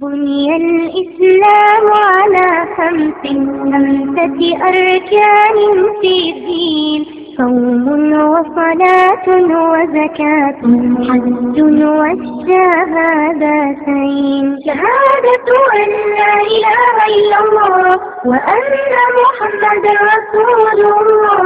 بني الإسلام على خمس خمسة أركان في الدين صوم وصلاة وزكاة حج والشهادتين شهادة أن لا إله إلا الله وأن محمدا رسول الله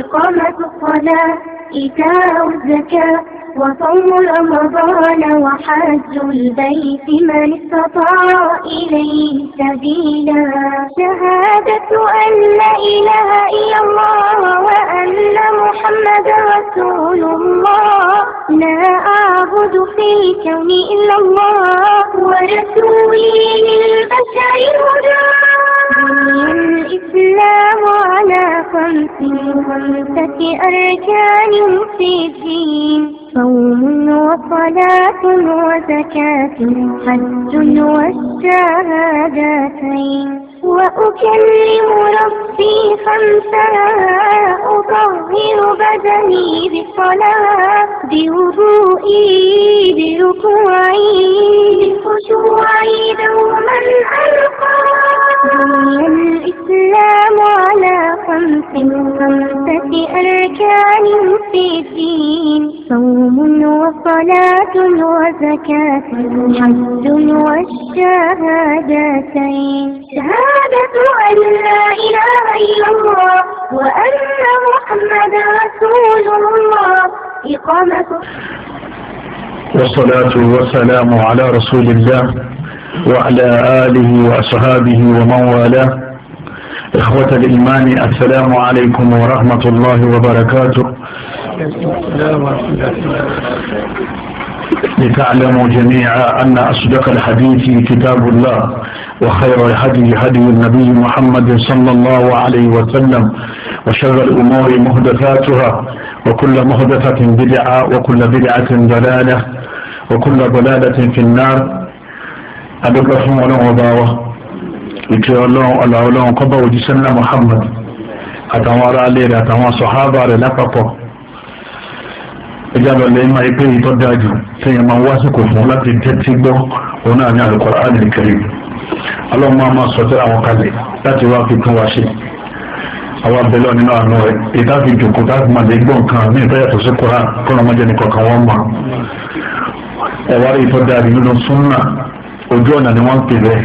إقامة الصلاة إيتاء الزكاة وصوم رمضان وحج البيت من استطاع إليه سبيلا شهادة أن لا إله إلا الله وأن محمد رسول الله لا أعبد في الكون إلا الله ورسولي للبشر هدى الإسلام على خمس خمسة أركان في الدين صوم وصلاة وزكاة حج والشهادتين وأكلم ربي خمسا أطهر بدني بالصلاة بوضوئي بركوعي بخشوعي دوما ألقى بني الإسلام على خمس خمسة أركان في الدين صوم وصلاة وزكاة حج والشهادتين شهادة أن لا إله إلا الله وأن محمد رسول الله إقامة والصلاة والسلام على رسول الله وعلى آله وأصحابه ومن والاه إخوة الإيمان السلام عليكم ورحمة الله وبركاته لتعلموا جميعا أن أصدق الحديث كتاب الله وخير هدي هدي النبي محمد صلى الله عليه وسلم وشر الأمور مهدثاتها وكل مهدثة بدعة وكل بدعة ضلالة وكل ضلالة في النار أدب رحمه الله وباوة يتوى الله على أولاه قبو جسنا محمد أتوارى ليلة أتوارى صحابة للأقفة إجابة لما يبيه تداجه سيما واسكو فولاك تتبه هنا نعلم القرآن الكريم ọlọ́run máa máa sọtẹ́rẹ́ àwọn kalẹ̀ láti wá fi kún wa ṣe àwọn abẹ́lẹ́ nínú àánú rẹ̀ ìta fi jòkó tá a fi máa lè gbọ́ nǹkan ní ìta yàtọ̀ sí kura kọ́ ọ̀nà mọ́jẹ́ nìkan kan wọ́n mọ̀ ẹ̀wá rí ìtọ́ dáadé nínú súnmọ́ ojú ọ̀nà ni wọ́n ń pè bẹ́ẹ̀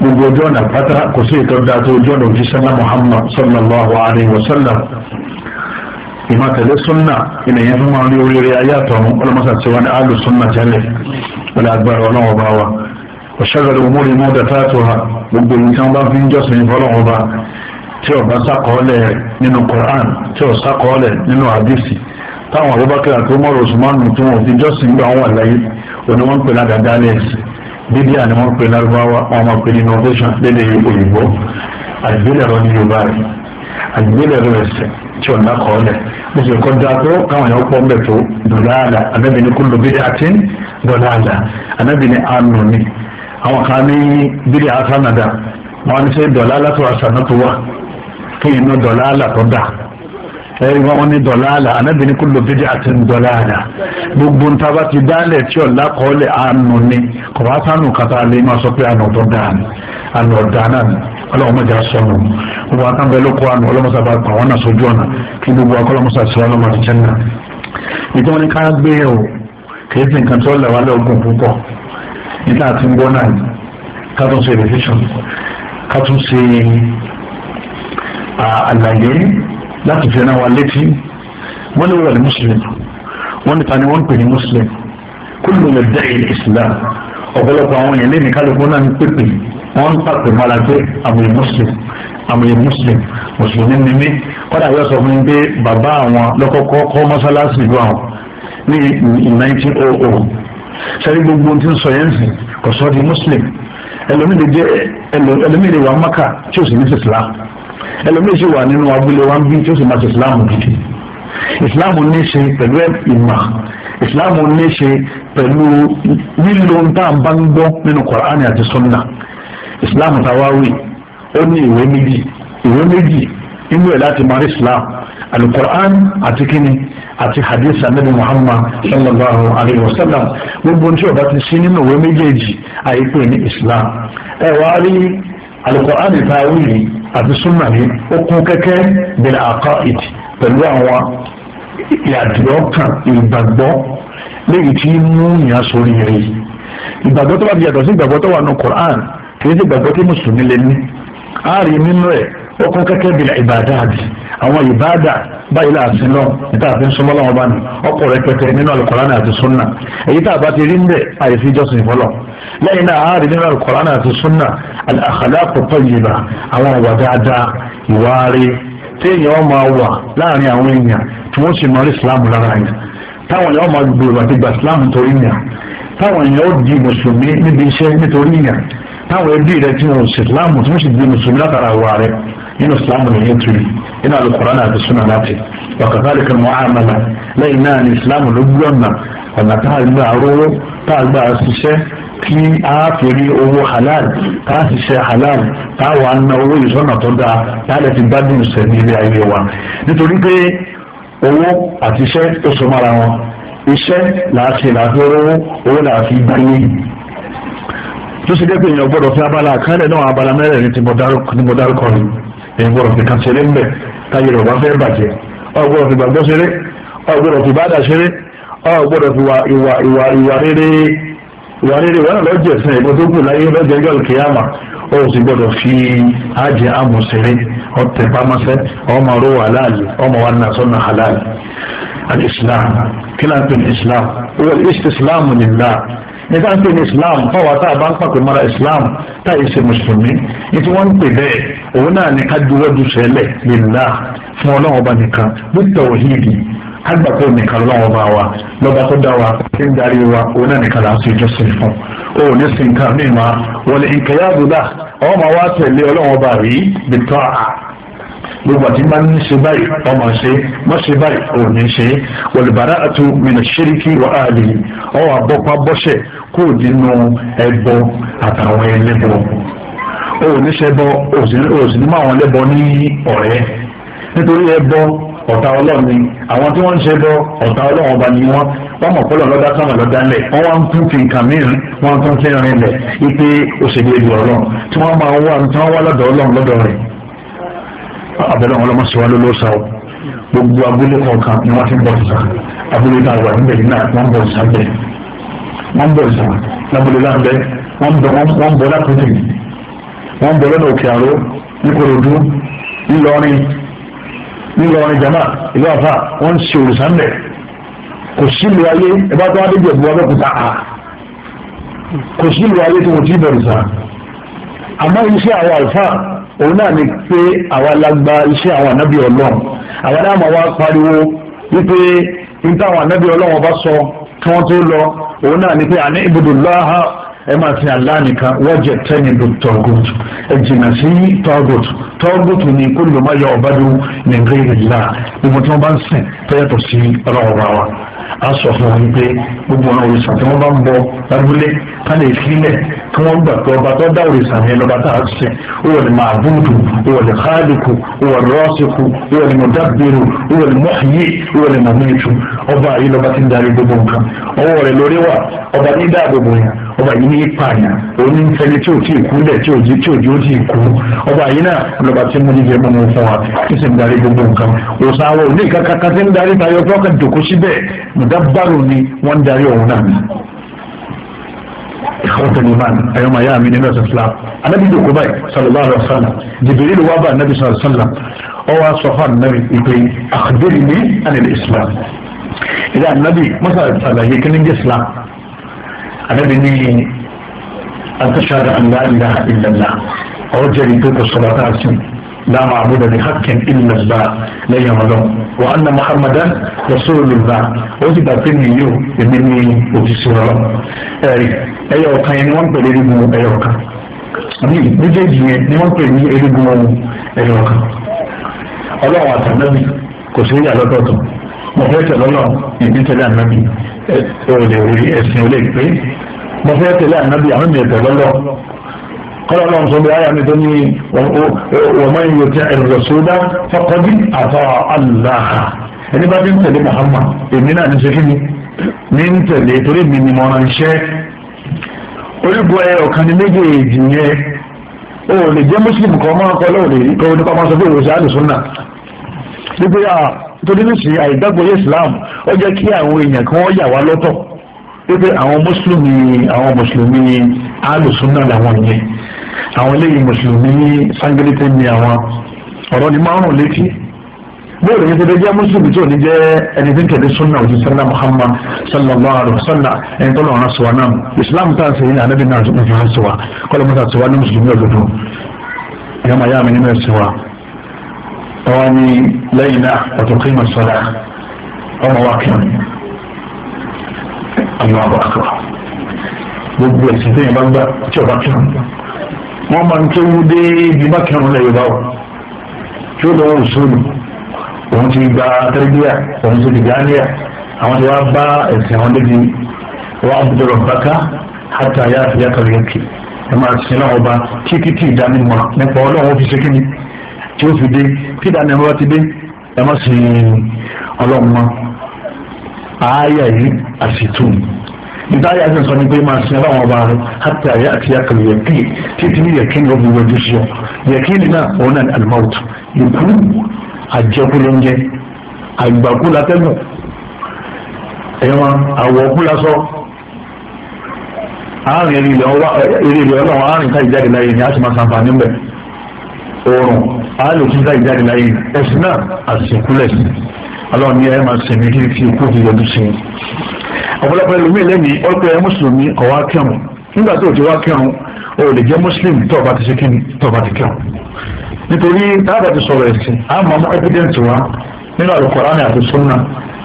gbogbo ojú ọ̀nà pátá kò sí ìtọ́ dáa tó ojú ọ̀nà òjíṣẹ́ náà Muhammad sallallahu alayhi wa sallam ìmọ̀ tẹ̀lé ìnìyẹn fún wọn ní oríire ayé àtọ̀run ọlọ́mọṣàtìwá ọ̀ṣọ́gbẹ̀rẹ̀ òmùrì mọ́ dàtàtùhà gbogbo nǹkan bá fi ń jọ́sìn fọlọ́wọ́n bá tí ọba sàkọọ́lẹ̀ nínú Quran tí ó sàkọọ́lẹ̀ nínú hadisi táwọn Abubakar àti Umar Usmanu tí wọn fi jọ́sìn gbà wọn láyé òní wọn pè ládàá lẹ́sì dídí àni wọn pè lárúbáwá wọn máa pè ní innovation lédè òyìnbó àgbélẹ̀rọ ní Yorùbá rẹ̀ àgbélẹ̀rọ ẹ̀sẹ̀ tí ó ná kọ́ọ́lẹ̀ bó ṣe kọ́ tó káwọn èèyàn pọ̀ mbẹ̀ tó dọ̀láàlà anábìíní kúlò bídà àti dọ̀láàlà anábìíní àánú ni àwọn kan ní bídí asanada wọn ní sẹ dọ̀làlà tó asànà tó wà kéèyàn ní dọ̀làlà tó dà ẹ̀rí wọn ní dọ̀làlà anábìíní kúlò bídí àti dọ̀làlà gbogbo ntaba ti dálẹ̀ tí ọ̀la kọ́lẹ̀ àánú ni kọ̀wá sánú kàtà lè má sọ pé àná tó dáa ni àná ọ̀dà náà ni ọlọ́run mọ̀jà sọnù gbogbo àtàǹbẹ̀ ló kọ́ àná ọlọ́mọsà bá pa wọn náà sójú ọ̀nà kí gbogbo akọ́lọ́mọsà sọ ọlọ́mọ àti jẹ́ ìjọba ní ká gbé o kì í sì nǹkan tó lẹ̀ wá púpọ̀ nígbà tí ń gbọ́ náà ni ká tún ṣe revision ká tún ṣe àlàyé láti fi ẹran wa létí wọ́n lè wà ní mùsùlùmí wọ́n níta ni wọ́n ń pè ní mùsùlùmí kúlù lè dẹ́ ilé islam ọ̀pọ̀lọpọ̀ àwọn èèyàn lẹ́nu kálukú náà ń pèpè wọ́n ń pàpè mọ́ra pé àmì mùsùlùmí àmì mùsùlùmí mùsùlùmí ni mí kọ́dà yóò sọ fún mi pé bàbá àwọn lọ́kọ́kọ́ kọ́ mọ́sálásì ìlú àwọn ní 1900 sẹ́ni gbogbo ti ń sọ yẹn sìn kò sọ di muslim ẹlòmíì jẹ́ ẹlòmíì wà maka tí ó sì ní islam ẹlòmíì sì wà nínú abúlé wa ń bí tí ó sì máa ti islam gidi islam ní í ṣe pẹ̀lú ìmọ̀ islam ní í ṣe pẹ̀lú lílo tá bá ń gbọ́ nínú Kùránì àti sunna islam tawawi ó ní ìwé méjì ìwé méjì inú ẹ̀ láti máa rí islam alukur'an àti kíni àti hadith anabi muhammad sallallahu alayhi wa sallam gbogbo ní ọba ti sí nínú ìwé méjèèjì àyíkú ní islam ẹ wá rí alukur'an ìtawìlì àti sunnah ó kún kẹ́kẹ́ bil aqaid pẹ̀lú àwọn ìyàdúró kan ìgbàgbọ́ léyìí tí mú yàn sórí rí ìgbàgbọ́ tó bá ti yàtọ̀ sí ìgbàgbọ́ tó wà ní quran kì ṣe ìgbàgbọ́ tí mùsùlùmí lè ní àárín nínú ẹ̀ ó kún kẹ́kẹ́ bil ibadat àwọn ìbádà báyìí láàfin náà níta àfin súnmọ́ lọ́wọ́ bá ní ọkọ̀ rẹ pẹ̀tẹ̀ nínú alukọ̀ránà àti súnà èyí tá a bá ti rí ń bẹ̀ àyèfi jọ́sìn fọlọ́ lẹ́yìn náà àárín nínú alukọ̀ránà àti súnà al-akhlaq at-tayyiba àwọn ìwà dáadáa ìwà rí téèyàn máa wà láàrin àwọn èèyàn tí wọ́n sì máa rí islam lára yẹn táwọn èèyàn máa gbèrò àti gba islam torí yẹn táwọn èèyàn ó di mùsùlùmí níbi iṣẹ́ nítorí yẹn táwọn ẹbí rẹ tí wọn ò sí islam tí wọ́n sì di mùsùlùmí látara àwa rẹ nínú islam nìyẹn tuli nínú alukóran àti súnà láti wàkàtàlì kan wọn àmàlà lẹ́yìn náà ní islam ló gbé ọ̀nà ọ̀nà tá a gbà rówó tá a gbà ṣiṣẹ́ tí a fi rí owó halal tá a halal tá a na owó ìsọ̀nà tó dáa tá a lè ti gbádùn ìṣẹ̀ ní ilé ayé wa nítorí pé owó àti iṣẹ́ ó so mára wọn iṣẹ́ làá ṣe làá fi rówó owó làá fi gbáyé tó ṣe dẹ́pẹ́ èèyàn gbọ́dọ̀ fi abala àkàlẹ̀ náà abala mẹ́rẹ̀ẹ̀rin tí mo dárúkọ ni èèyàn gbọ́dọ̀ fi kàn ṣe lé ń bẹ̀ táyé rẹ̀ bá fẹ́ bàjẹ́ ọgbọ́dọ̀ fi gbàgbọ́ ṣeré ọgbọ́dọ̀ fi bàdà ṣeré ọgbọ́dọ̀ fi wà ìwà ìwà ìwà rere ìwà rere wọn náà lọ́jọ́ ẹ̀sìn ẹ̀gbọ́n tó kù láyé lọ́jọ́ ẹjọ́ kìyàmà ó sì gbọ́dọ̀ fi àjẹ àmọ̀ ṣeré ọtẹ pàmọ́sẹ́ ọmọ ro halali ọmọ wa nà sọ́nà halali al-islam kí láǹpẹ̀ islam wọ́n istislam lillah ní ká ń pè ní islam fáwọn tá a bá ń pàpè mọ́ra islam tá a yìí ṣe mùsùlùmí ní tí wọ́n ń pè bẹ́ẹ̀ òun náà ní ká juwọ́ ju sẹ́lẹ̀ lèlá fún ọlọ́run ọba nìkan bí tawhidi agbàpọ̀ nìkan ọlọ́run ọba wa lọ́ba tó dá wa tí ń darí wa òun náà nìkan láti ìjọ sí fún o ò ní sin nǹkan máa wọlé nkẹyàbùdà ọmọ wa tẹ̀lé ọlọ́run ọba rí bìtọ́ gbogbo àti máa ń ṣe báyìí wọ́n máa ṣe wọ́n ṣe báyìí ò ní ṣe wọ̀lùbàrà àti mìíràn ṣíríkì wà á lè ọwọ́ àbọ̀pá bọ́ṣẹ̀ kó nínú ẹbọ àtàwọn ẹlẹ́bọ ò ní ṣẹbọ ò sì ní máa wọn lẹ́bọ ní ọ̀rẹ́ nítorí ẹbọ ọ̀tá ọlọ́run ni àwọn tí wọ́n ń ṣe bọ́ ọ̀tá ọlọ́run ọba ni wọ́n wọ́n mọ̀ pọ́lọ̀ lọ́dá sọ̀rọ̀ lọ́dá lẹ̀ wọ́n wá ń tún fi nǹkan mìíràn wọ́n tún fi rìn lẹ̀ wípé òṣèlú èdè ọlọ́run tí wọ́n máa wá tí wọ́n wá lọ́dọ̀ ọlọ́run lọ́dọ̀ rẹ̀ abẹ́rẹ́ wọn lọ́mọ sọ́wọ́ lọ́sà o gbogbo agolo kọ̀ọ̀kan ni wọ́n ti bọ̀ sísá agolo náà wà níbẹ̀ yìí náà wọ́n bọ̀ sísá bẹ́ẹ̀ wọ́n bọ̀ sísá lábúlé lábẹ́ wọ́n bọ̀ wọ́n bọ̀ lápẹ́tì wọ́n bọ̀ lọ́nà òkè àró níkòròdú ńlọrin ńlọrin jama ìlú àfà wọ́n ń ṣe òrùsà ńlẹ̀ kò sílùú ayé ẹ bá tó wá débi ẹ̀bùn abẹ́kúta à kò sílùú ayé tí mo ti bẹ̀rù sá àmọ́ iṣẹ́ àwọn àlùfáà òun náà ni pé àwa la gba iṣẹ́ àwọn ànábì ọlọ́run àwa náà máa wá pariwo wípé níta àwọn ànábì ọlọ́run ọba sọ kí wọ́n tó lọ òun náà ni pé àní ibùdókòláhà ẹ máa fi àlá nìkan wọ́jẹ̀ tẹ́nìdò tọ́gùt ẹ jìnnà sí tọ́gùt tọ́gùt ni kó lè má yọ ọ̀bádùn nìgbèrè là gbogbo tí bá ń sìn tọ́yàtọ̀ sí ọlọ́run wa a sọ fún wọn wípé gbogbo àwọn òrìṣà tí wọ́n bá ń bọ lábúlé ká lè sílẹ̀ kí wọ́n gbà pé ọba tó dá òrìṣà yẹn lọ́ba tá a ṣe huwa al-ma'budu huwa al-khaliqu huwa ar-rasiku huwa al-mudabbiru huwa al-muhyi huwa al-mumitu ọba yìí lọ́ba ti ń gbogbo nǹkan ọwọ́ rẹ̀ lórí wà ọba ní dáàbòbò yẹn ọba yìí ní ìpààyàn onífẹ́ni tí ò tí ì kú lẹ̀ tí ò jí tí ò jí ó ti kú ọba yìí náà lọ́ba tí mo jíjẹ mọ́ mo fún wa kí sì ń darí gbogbo nǹkan òsàwọ̀ ní ìkàkà kan tí ń darí tayọ fún ọkàn dòkó síbẹ̀ mùdábàrò ni wọ́n ń darí ọ̀hún náà ìkọ́tà ìmán ayọ́mọ ayá mi nínú ẹ̀sìn islam anabi dòkó báyìí sallallahu alayhi wa sallam jìbìrì ló wá bá anabi sallallahu alayhi wa sallam ọwọ́ aṣọ islam ìdá anabi mọ́sálà ìsàlàyé kí ni islam ànábì ní àtúnṣàdà àlá ìlà ìlàlá ọ̀ jẹ́rìí pé kò sọ̀rọ̀ tá a sìn لا معبود بحق الا الله لا يملون وان محمدا رسول الله وجب فيني يو يمني وتسورا اي اي او كان وان بلدي مو اي او كان ni méjèèjì yẹn ni wọn pè ní erigun ohun ẹyọ kan Ọlọ́run àtàlẹbí kò sí ìyàlọdọọtọ mo fẹẹ tẹ lọlọ ìdí tẹlẹ ẹ ò lè rí ẹ̀sìn ò lè pé mo fẹ́ tẹ̀lé ànábì àwọn ènìyàn tẹ̀lé lọ kọ́lá lọ́n sọ bí ayé àmì tó ní wọ́n máa ń yọ tí ẹ̀rọ lọ sódà fọkọ́dí àtọ́ aláha ẹni bá ti ń tẹ̀lé Muhammad èmi náà ní sẹ́kí mi mi ń tẹ̀lé torí mi ni mo ránṣẹ́ orígun ẹ ọ̀kan ní méjèèjì yẹn o lè jẹ́ mùsùlùmí kan máa kọ́ lọ́wọ́ lè rí kọ́ ní máa sọ pé òwòsàn àlùsùn náà nígbà torí ní sìn àìgbàgbọ́ yé islam ó jẹ́ kí àwọn èèyàn kan wọ́n yà wá lọ́tọ̀ wípé àwọn mùsùlùmí àwọn mùsùlùmí alùsùnà làwọn yẹn àwọn eléyìí mùsùlùmí sangilite ni àwọn ọ̀rọ̀ ni márùn létí bóòlù yẹn ti dé jẹ́ mùsùlùmí tí ò ní jẹ́ ẹni tí ń tẹ̀lé sunna òjì sanna muhammad sallallahu alayhi wa sallam ẹni tó lọ́wọ́n sọ wa náà islam tá a sèyí ànábì náà ń fi hàn sọ wa kọ́lọ́ mọ́tà sọ wa ní mùsùlùmí ọ̀dọ́dún ẹ̀yọ́ màá yá mi nínú ẹ̀sìn wa أواني ni وتقيم الصلاة ọ̀tún kí mọ̀ sọ́dà ọmọ wa kí wọn àwọn àbọ̀ àkọ́ gbogbo ẹ̀sìn tẹ́yìn bá gbà tí ọba kí wọn wọ́n máa ń kéwú dé ibi bá kí wọn lẹ́yìn Yorùbá o tí ó lọ́wọ́ òṣèlú òun ti gba tẹ́lẹ̀díà òun ti gbà níyà àwọn tí wọ́n bá ẹ̀sìn àwọn débi wọ́n á bẹ̀rẹ̀ bàkà hàtà yá àfẹ́yà yẹn kì ẹ̀ máa sin náà ọba kíkítì ìdánimọ̀ nípa ọlọ́run fi ṣe kí ni tí ó fi dé kí ìdáná ẹ̀rọ ti dé ẹ má sì ọlọ́run mọ́ àáyà yìí àṣìtú ìdáyà ẹ̀sìn sọ ni pé máa sin ọlọ́run ọba rẹ hàtà ayé àti akẹ́lẹ̀ yẹ̀kí títí ní yẹ̀kí ni ó fi wọ́n dúṣọ́ yẹ̀kí ni náà òun náà ni alimọ́ọ̀tù ìkú àjẹkù ló ń jẹ àgbàkú látẹ́gùn ẹ̀wọ̀n àwọ̀kú lásọ àárín eré ilẹ̀ ọlọ́run àárín ká ìjáde láyé ni a sì máa sàǹfààní mbẹ̀ oorun àálò tí ká ìjáde láyé ẹ̀sìn náà àsìkú lẹ̀sìn ọlọ́run ní ẹ máa sẹ̀mí kí fi ikú fi yọdún sí i. ọ̀pọ̀lọpọ̀ ẹlòmíì lẹ́yìn ọ̀pẹ mùsùlùmí kọ̀ wá nígbà tó ti wá kírun o lè jẹ́ muslim tó o ti ṣe kí ni tó o bá ti kírun. nítorí táàbà ti sọ̀rọ̀ ẹ̀sìn a máa mú evidence wá nínú àlùkòrán àti sunna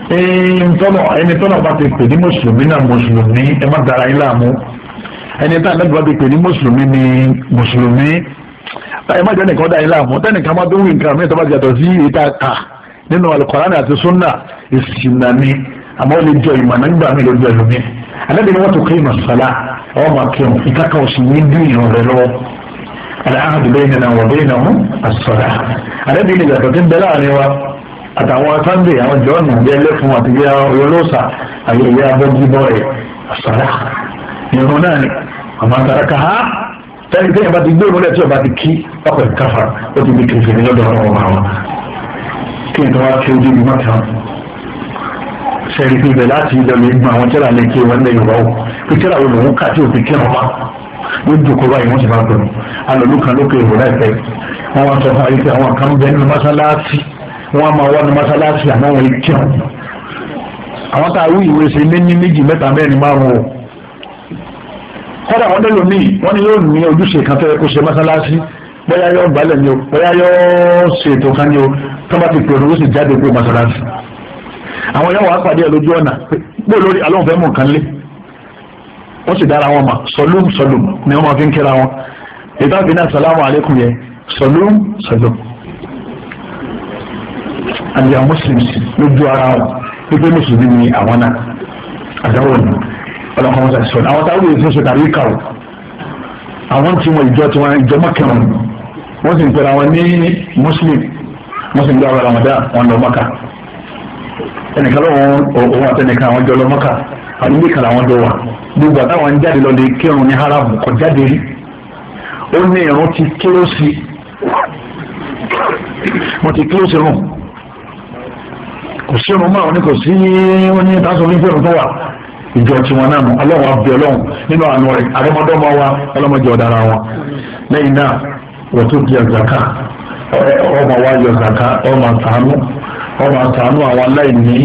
ẹni tọ́nà bá ti pè ní mùsùlùmí náà mùsùlùmí ẹ má dara yín láàmú ẹni tọ́nà ẹ má jẹ́ nìkan dá yín láàmú tẹ́nìkan má tó wí nǹkan mi tó bá jàdọ̀ sí ìta kà nínú alukoran àti sunna ìsìnà ni àmọ́ ó lè jọ ìmọ̀ náà nígbà mi lójú ẹlòmíì alẹ́bí ni wọ́n tó kéèmọ̀ sọ́lá ọwọ́ máa kí wọn ìka kan òsì yín dín ìrùn rẹ lọ́wọ́ aláàbò bẹ́ẹ̀ nínú àwọn bẹ́ẹ̀ náà àsọ̀rà alẹ́bí ni ìyàtọ̀ tí ń bẹ láàrin wa àtàwọn sunday àwọn jọ́ọ̀nù bí ẹlẹ́fun àti bí olóòsà àyè ìyá abọ́jú bọ́ọ̀rẹ̀ àsọ̀rà ìrùn náà ni àmọ́ àtàràkà á tẹ́lẹ̀ tẹ́lẹ̀ bá ti gbé òun lẹ̀ tí ọba ti kí ọkọ̀ ìkáfà ó ti di kìrìsìtì lọ́dọ̀ ọ̀rọ̀ ọba wọn. kí n tó wá kí ojú ìgbìmọ̀ kan sẹ́ni pé ibẹ̀ láti ìdọ̀lù ìgbọ̀n àwọn tẹ́lẹ̀ alẹ́ kí wọ́n lẹ̀ yorùbá o pé tẹ́lẹ̀ àwọn olùwọ́n kà tí òfin kí wọn wá ní dùkú báyìí wọ́n ti bá gbọ̀n alòlù kan lókè ìwò láìpẹ́ wọ́n wá sọ fún ayé pé àwọn kan bẹ nínú mọ́sálásí wọ́n á máa wá nínú mọ́sálásí àmọ́ wọn kí wọn. àwọn tá a wí ìwé ṣe lé ní kọ́dà wọn nílò míì wọ́n ní yóò ní ojúṣe kan fẹ́ kó ṣe mọ́sálásí bóyá yóò gbalẹ̀ ni o bóyá yóò ṣètò kan ni o tó bá ti pè ní o sì jáde pé mọ́sálásí. àwọn yóò wá pàdé ẹ lójú ọ̀nà pé lórí alóhùnfẹ́ mọ̀ kan lé wọ́n sì dára wọn mà sọlúm sọlúm ni wọ́n máa fi ń kíra wọn ìtàbí náà sàlámù àlékún yẹn sọlúm sọlúm. àyà muslims lójú ara wọn pípé mùsùlùmí ni àwọn náà àdáwọ̀ ni ọlọ́kọ̀ wọn sàṣọ àwọn táwọn èèyàn sọ̀sọ̀ tàbí kàwé àwọn tí wọn ìjọ tí wọn ìjọ mọ́kẹ́wọn wọ́n sì ń pẹ̀lú àwọn ní muslim wọ́n sì ń gbà wàrà mọ̀dá wọn lọ mọ́kà ẹnìkan lọ́wọ́ òun àtẹnìkan àwọn jọ lọ mọ́kà àwọn ilé kan làwọn jọ wà gbogbo àtàwọn jáde lọ lè kírun ní haramu kò jáde rí ó ní irun ti kílósì mo ti kílósì rùn kò sí irun márùn ní kò sí oní ìtàsọ̀ onífẹ̀rùn ìjọ tiwọn náà nù ọlọ́run abẹ́ ọlọ́run nínú àánú rẹ̀ àrọ́mọdọ́mọ wa ọlọ́mọdé ọ̀daràn wọn lẹ́yìn náà wọ́n tó di ọ̀zàká ọmọ wa yọ ọ̀zàká ọmọ àtàánú ọmọ àtàánú àwọn aláìní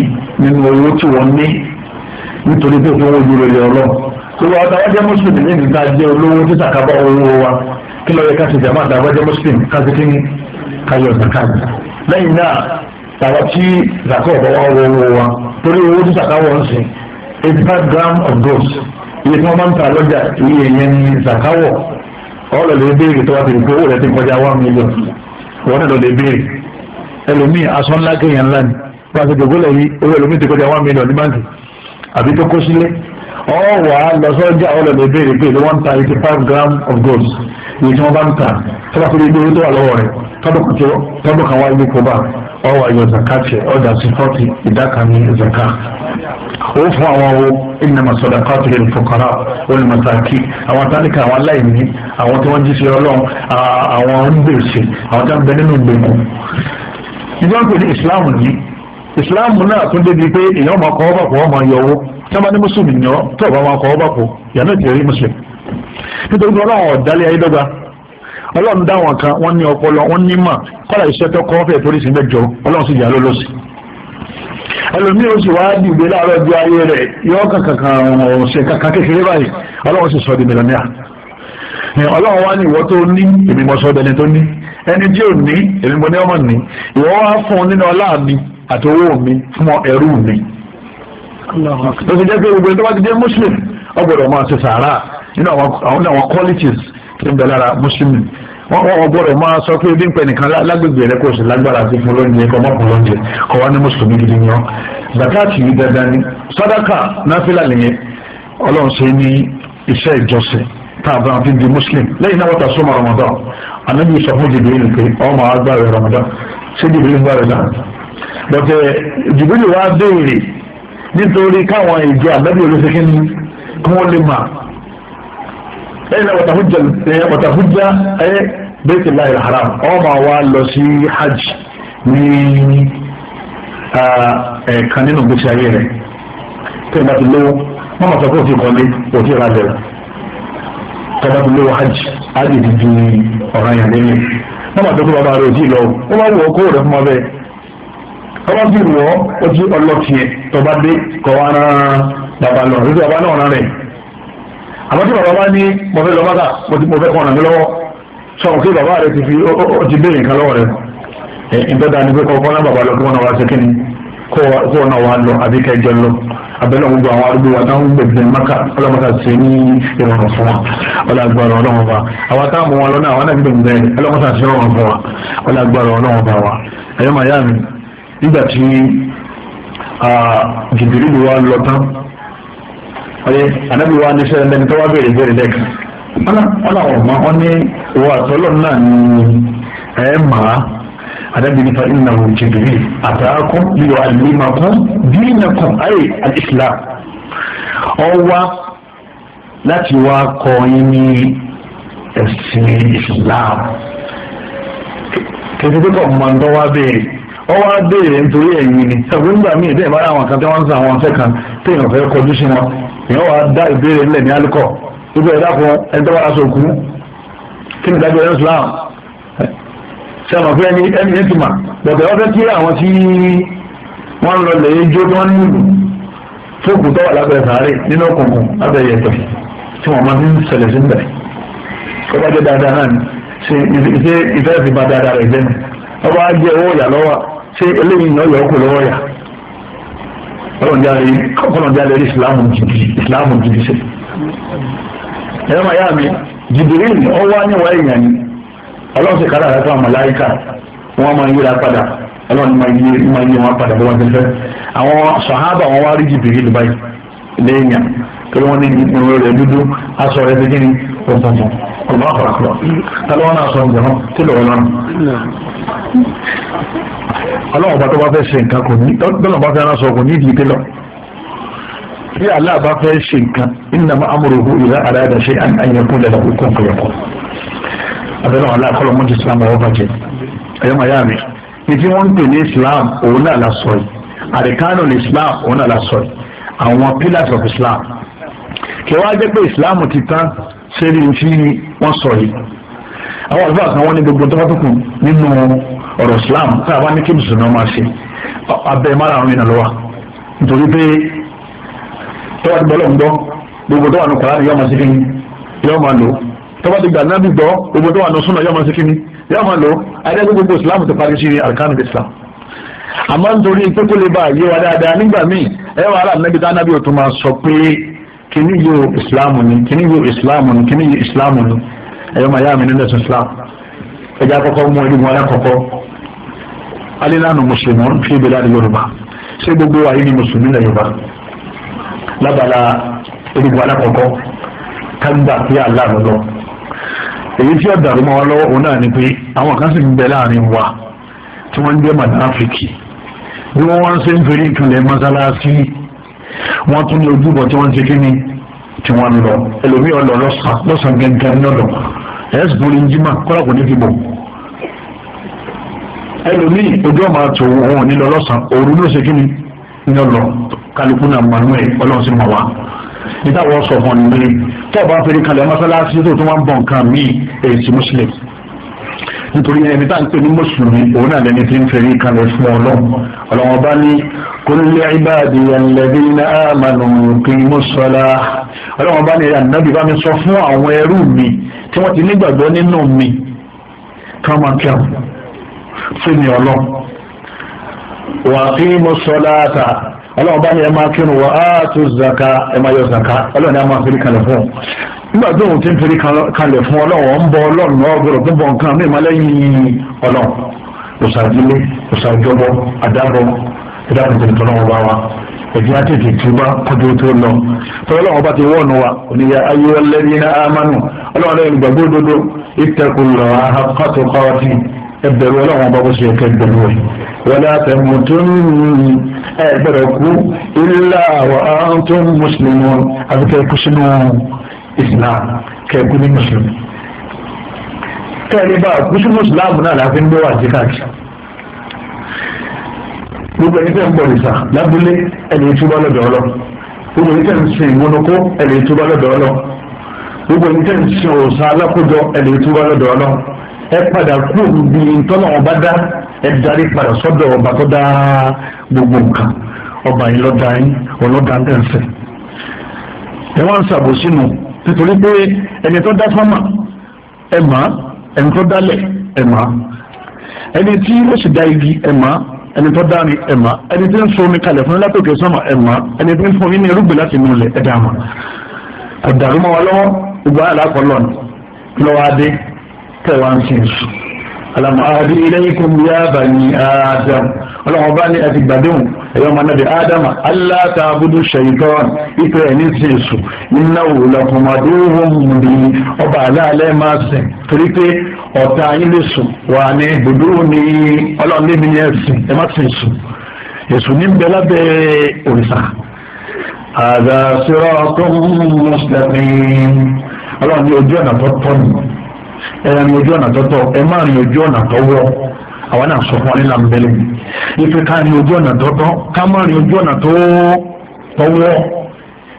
nínú owó tí wọ́n ní nítorí pé kí wọ́n yúrò lé ọlọ́run gbogbo àwọn táwọn jẹ́ mùsùlùmí ní ìdíjà jẹ́ olówó títà kábọ̀ owó wa kí lọ́ọ́ yẹ ká ti jẹ́ àmọ́ àtàwọn jẹ́ mùsùlùmí ká eighty five gram of gold iye tí wọ́n máa ń ta lọ́jà iye yẹn ní zakawọ̀ ọ̀rọ̀ lè béèrè tó wá ti rí pé owó rẹ̀ ti kọjá one million wọ́n náà lọ lè béèrè ẹlòmíì aṣọ ńlá kéèyàn ńlá ni wọ́n aṣọ ìjọba yìí owó ẹlòmíì ti kọjá one million ní báńkì àbí tó kó sílé ọ̀wà lọ́sọ́jà ọ̀rọ̀ lè béèrè pé wọ́n ń ta eighty five grams of gold iye tí wọ́n bá ń ta tọ́ba fi lè gbé owó tó wà lọ́wọ́ rẹ̀ tọ́dọ̀ kan wá ilé kó bá ọwọ ayọ zakati ọdà sí fọti ìdákanu zaka ó fún àwọn wo ìnàmà sadaqatu lil fuqara wal masakin àwọn tálíkà àwọn aláìní àwọn tí wọn jí sí Ọlọ́run àwọn onígbèsè àwọn tí wọn bẹ nínú gbèkùn ìjọ ń pè ní ìsìláàmù ní ìsìláàmù náà tún débi pé èèyàn máa kọ́ ọ́bàpọ̀ ọmọ ayọ̀ owó tí wọ́n bá ní mùsùlùmí ni ọ́ tó ọ̀bá máa kọ́ ọ́bàpọ̀ ìyá náà mùsùlùmí nítorí ọlọ́run dáwọn kan wọ́n ní ọpọlọ wọ́n ní mà kọ́lá iṣẹ́ tó kọ́ fẹ́ẹ́ torí jọ ọlọ́run sì yà ló lọ́sì. ẹlòmíì ó sì wá láàárọ̀ ju ayé rẹ̀ yọ kankan ṣe kankan kékeré báyìí ọlọ́run sì sọ di ọlọ́run ìwọ tó ní èmi mọ̀ sọ́dọ̀ ẹni tó ní ẹni tí ò ní èmi mọ̀ ní ọmọ ní ìwọ fún nínú muslim máa ṣe sàárà tí ń bẹ lára mùsùlùmí wọ́n gbọ́dọ̀ máa sọ pé bí n pẹ nìkan lágbègbè rẹ kò sì lágbára ti fún lóúnjẹ kọ mọkùn lóúnjẹ kọ wá ní mùsùlùmí gidi yan zakati yìí dandan ni sadaka náfìlà nìyẹn Ọlọ́run ṣe ní iṣẹ́ ìjọsìn tá a bá fi di muslim lẹ́yìn náà wọta sọmọ ramadan anabi sọ fún jìbìrì pé ọmọ agbára ramadan ṣé jìbìrì ń gbára náà bọtẹ eh, jìbìrì wa béèrè nítorí káwọn ìjọ àbẹ̀bí ni kí wọ́n lè máa lẹ́yìn náà wàtàhújà wàtàhújà ẹ bẹ́ẹ̀ ti láyé haram ọmọ àwa lọ sí hajj ní ẹ̀ẹ̀kan nínú gbèsè ayé rẹ̀ tẹ́lẹ̀ bá ti lówó wọ́n mọ̀ sọ pé òfin kọ́lé òfin ra bẹ̀rẹ̀ tọ́lá ti lówó hajj hajj ti di ọ̀ràn yẹn lẹ́yìn wọ́n mọ̀ sọ pé bàbá rẹ̀ ò tí ì lọ wọ́n bá wọ̀ ọ́ kó rẹ̀ fún ọ bẹ́ẹ̀ tọ́ba ti wọ̀ ọ́ ó ti ọlọ́tìẹ̀ tọ́ba dé lọ àti bàbá àmọ́ tí bàbá bá ní mo fẹ́ lọ mọ́tà mo fẹ́ kàn án mi lọ́wọ́ sọ wọn kí bàbá rẹ ti fi ó ti béèrè nǹkan lọ́wọ́ rẹ ìtọ́jà ni pé kọ́kọ́ náà bàbá lọ kí wọ́n náà wá ṣe kíni kó wọn náà wá lọ àbí kẹjọ lọ abẹ́lẹ̀ gbogbo àwọn arúgbó wa táwọn gbẹ̀gbẹ̀ maka ọlọ́mọta ṣe ní ìrọ̀rùn fún wa ọlọ́gbàrọ̀ ọlọ́wọ́n wa àwọn táwọn wọn lọ́nà àwọn náà gbẹ̀gbẹ̀ ọlọ́mọta ṣe rọrùn fún wa ọlọ́gbàrọ̀ ọlọ́wọ́n bá wa ẹ̀yọ́ màyá mi nígbà tí ah, jìbìrì wa lọ tán ọyẹ anabi wa ni sẹlẹ lẹni tó wá béèrè béèrè lẹka wọn làwọn ọmọ wọn ní wọ àtọlọ náà ní ẹ máa anabi nípa ìnà wọn jìbìrì àtàkùn yíyọ àlìmàkùn dínàkùn ayé alìsílám ọwá láti wá kọ́ ní ẹ̀sìn islam kẹsì tó kọ mọ ntọ́ wá béèrè ọwá béèrè nítorí ẹ̀yìn ni ṣàgbéǹgbà míì bẹ́ẹ̀ bá àwọn kan tí wọ́n ń sọ àwọn afẹ́ kan téèyàn fẹ́ kọjú sí wọn èèyàn wà á dá ìbéèrè ńlẹ̀ ní alikọ̀ ibi ẹ̀dá kan ẹni tó wà aṣọ òkú kí ni ìdájọ́ ẹ̀rọ Islam ṣe àwọn fẹ́ ní ẹni ní tìmà bẹ̀tẹ̀ wọ́n fẹ́ kí àwọn tí wọ́n lọ lè jó tí wọ́n nílùú fóòkù tó wà lábẹ́ sàárè nínú òkùnkùn lábẹ́ yẹ̀tọ̀ tí wọ́n máa ń ṣẹlẹ̀ sí bẹ̀rẹ̀ tó bá jẹ́ dáadáa náà ṣe ìfẹ́ ìfẹ́ ìfẹ́ dáadáa rẹ̀ lẹ́nu ọba á jẹ́ owó ìyà lọ́wọ́ ṣé eléyìí náà yọ̀ ọ́ kò lọ́wọ́ yà ọlọ́run jáde rí ìsìláàmù jìbì ìsìláàmù jìbì ṣe. ẹ̀rọ màá yá mi jìbìrìn ó wá níwọ̀ èèyàn ni ọlọ́run ti kára àrẹ́fọ́ àwọn màláíkà wọ́n máa yíra padà ọlọ́run máa yí wọn padà bí wọ́n ti fẹ́. àwọn sàhábà wọn wá rí jìbìrìn báyìí lẹ́yìn torí wọ́n ní ìrìn rẹ̀ dúdú aṣọ rẹ̀ ti kíni ọ̀sán ọ̀sán ọ̀sán ọ̀sán ọlọ́wọ́n bá tó bá fẹ́ ṣe nǹkan kò ní tọ́lọ́ bá fẹ́ ránṣọ kò ní ìdí tẹ́lọ̀ bí Allah bá fẹ́ ṣe nǹkan innama amruhu idha arada shay'an an yaqula lahu kun fayakun abẹ́rẹ́ Allah kọ́lọ́ mọ́tò islam ọ̀rọ̀ bàjẹ́ ẹ̀yọ́ màá yá mi ní tí wọ́n ń pè ní islam òun náà la sọ yìí àríkánù islam òun náà la sọ yìí àwọn pillars of islam kí wọ́n á jẹ́ pé islam ti tán ṣe ní ti wọ́n sọ yìí àwọn àlùfáà kan wọ́n ní gbogbo tó bá tó kù nínú ọ̀rọ̀ Islam tá a bá ní kí mùsùlùmí máa ṣe abẹ́ mara àwọn ènìyàn lọ́wọ́ nítorí pé tọ́wọ́ ti gbọ́lọ́ ń gbọ́ gbogbo tó wà ní Kùránì yóò máa ṣe kíni yóò máa lò tọ́wọ́ ti gbà nábì gbọ́ gbogbo tó wà ní Sunnah yóò máa ṣe kíni yóò máa lò ayélujára gbogbo Islam ti parí sí arkanu Islam àmọ́ nítorí pé kó lè bá yé wa dáadáa nígbà míì ẹ wà á nàbí dáná bí o tún máa sọ pé kíní yóò Islam ni kíní yóò Islam ni kíní yóò Islam ni ẹ̀yọ́ màá yá mi nílẹ̀ tún Islam ẹ̀jẹ̀ àkọ́kọ́ mú ẹ̀dùn wọn alákọ̀ọ́kọ́ alilanu mùsùlùmí fi bilad Yorùbá ṣé gbogbo wa yìí ni mùsùlùmí lẹ̀ Yorùbá lábala ẹ̀dùn wọn alákọ̀ọ́kọ́ kángbà pé aláàánú lọ èyí tí ọ̀dàrú mọ́ wa lọ́wọ́ òun náà ni pé àwọn kan sì ń bẹ láàrin wa tí wọ́n ń jẹ́ mọ̀dáfíkì bí wọ́n wá ṣe ń fèrè ìtúlẹ̀ mọ́sálásí wọ́n tún ní ojúbọ tí wọ́n ń ṣe kí ni tí wọ́n lọ ẹlòmíràn lọ lọ́sàn-án gẹ́gẹ́ ní ọ̀dọ̀ ẹ̀sùn fún ní jimá kọ́lá kò ní fi bọ̀ ẹlòmíì ojú ọmọ àtò òun ní lọ lọ́sàn òru ló ṣe ni ní ọlọ kálukú náà manuel ọlọ́run sì mọ̀ wá níta wọ́n sọ fún ọ nínú ní tọ́ọ̀bù afẹ́rẹ́ kalẹ̀ mọ́sálásí tó tún wá bọ̀ nǹkan míì èsì mùsùlùmí nítorí ẹni tá à ń pè ní mùsùlùmí òun náà lẹni tí ń fẹ́ yí kalẹ̀ fún ọlọ́run ọlọ́run ọba ní kólé ibàdí ẹnlẹ́dínlẹ́ àmàlù kìmùsọ̀lá ọlọ́run ọba ní ànábì bá mi sọ fún àwọn ẹrú mi tí wọ́n ti nígbàgbọ́ nínú mi kí wọ́n máa kí àwọn fún mi ọlọ́run wà kìmùsọ̀lá ta ọlọ́run ọba ní ẹ máa kírun wà á tó zaka ẹ máa yọ zaka ọlọ́run ní a máa fi kalẹ̀ fún ọ nígbà tó òun ti ń feri kalẹ̀ fún ọlọ́run ń bọ ọlọ́run náà gbọdọ̀ tó bọ̀ nǹkan mímọ́ lẹ́yìn ọlọ́run òṣàdílé òṣàjọbọ àdàbọ ìdáàbò tó tọ́lọ́ wọn bá wa ẹ̀jẹ̀ àtẹ̀tẹ̀ tí ó bá kọjú tó lọ tọ́lọ́ wọn bá ti wọ́ọ̀nù wa oníyà ayé ọlẹ́ni náà amánu ọlọ́run lẹ́yìn gbàgbọ́ òdodo ìtẹ̀kùlọ̀ àwọn àwọn islam kẹ́kú ní muslim kẹ́ẹ̀ni bá kúsù mùsùlùmí náà láti ń gbówà sí káàkiri gbogbo ẹni tẹ́ ń bọ̀ nìsà lábúlé ẹni tó bá lọ́dọ̀ ọlọ́ gbogbo ẹni tẹ́ ń sin ìmúnukó ẹni tó bá lọ́dọ̀ ọlọ́ gbogbo ẹni tẹ́ ń sin òòsàn alákójọ ẹni tó bá lọ́dọ̀ ọlọ́ ẹ padà kú òbí tọ́lọ̀ ọba dá ẹ darí padà sọ́dọ̀ ọba tó dá gbogbo nǹkan ọba yìí lọ́dà yín ọlọ́dà ń tẹ̀sẹ̀ ẹ wá ń ṣàbòsí nítorí pé ẹni tó dá sánmà ẹ mọ̀ ẹni tó dálẹ̀ ẹ mọ̀ ẹni tí ó sì dá igi ẹ mọ̀ ẹni tó dáni ẹ mọ̀ ẹni tí ń so omi kalẹ̀ fún látòkè sánmà ẹ mọ̀ ẹni tí ń fún yín ní irúgbìn láti inú ilẹ̀ ẹ dá mọ̀ àdàrú mọ́ wa lọ́wọ́ gbogbo àlàkọ́ lọ́nà lọ́wọ́ adé tẹ̀ ń sìn sùn alamu ahadi ilaykum ya bani adam ọlọ́run bá ní ẹti gbàdéhùn ẹ̀yọ́ ọmọ nàbẹ̀ ádámà allah ta'budu shaytan ife ẹni sí èso iná òwúlọ́kùnmọ́déhùn mùdí ọba aláàlẹ́ máa sìn torí pé ọ̀tá yín lè sùn wà ní gbòdó ní ọlọ́run ní ẹ̀sìn ẹ má sìn èso èso ní bẹ lábẹ́ òrìṣà àdàsírọ̀ tó ń mú ẹran ojú ọ̀nà tọ́tọ̀ ẹ má rìn ojú ọ̀nà tọ́wọ́ àwa náà sọ fún wa nílànà ife ká rìn ojú ọ̀nà tọ́tọ̀ ká má rìn ojú ọ̀nà tọ́wọ́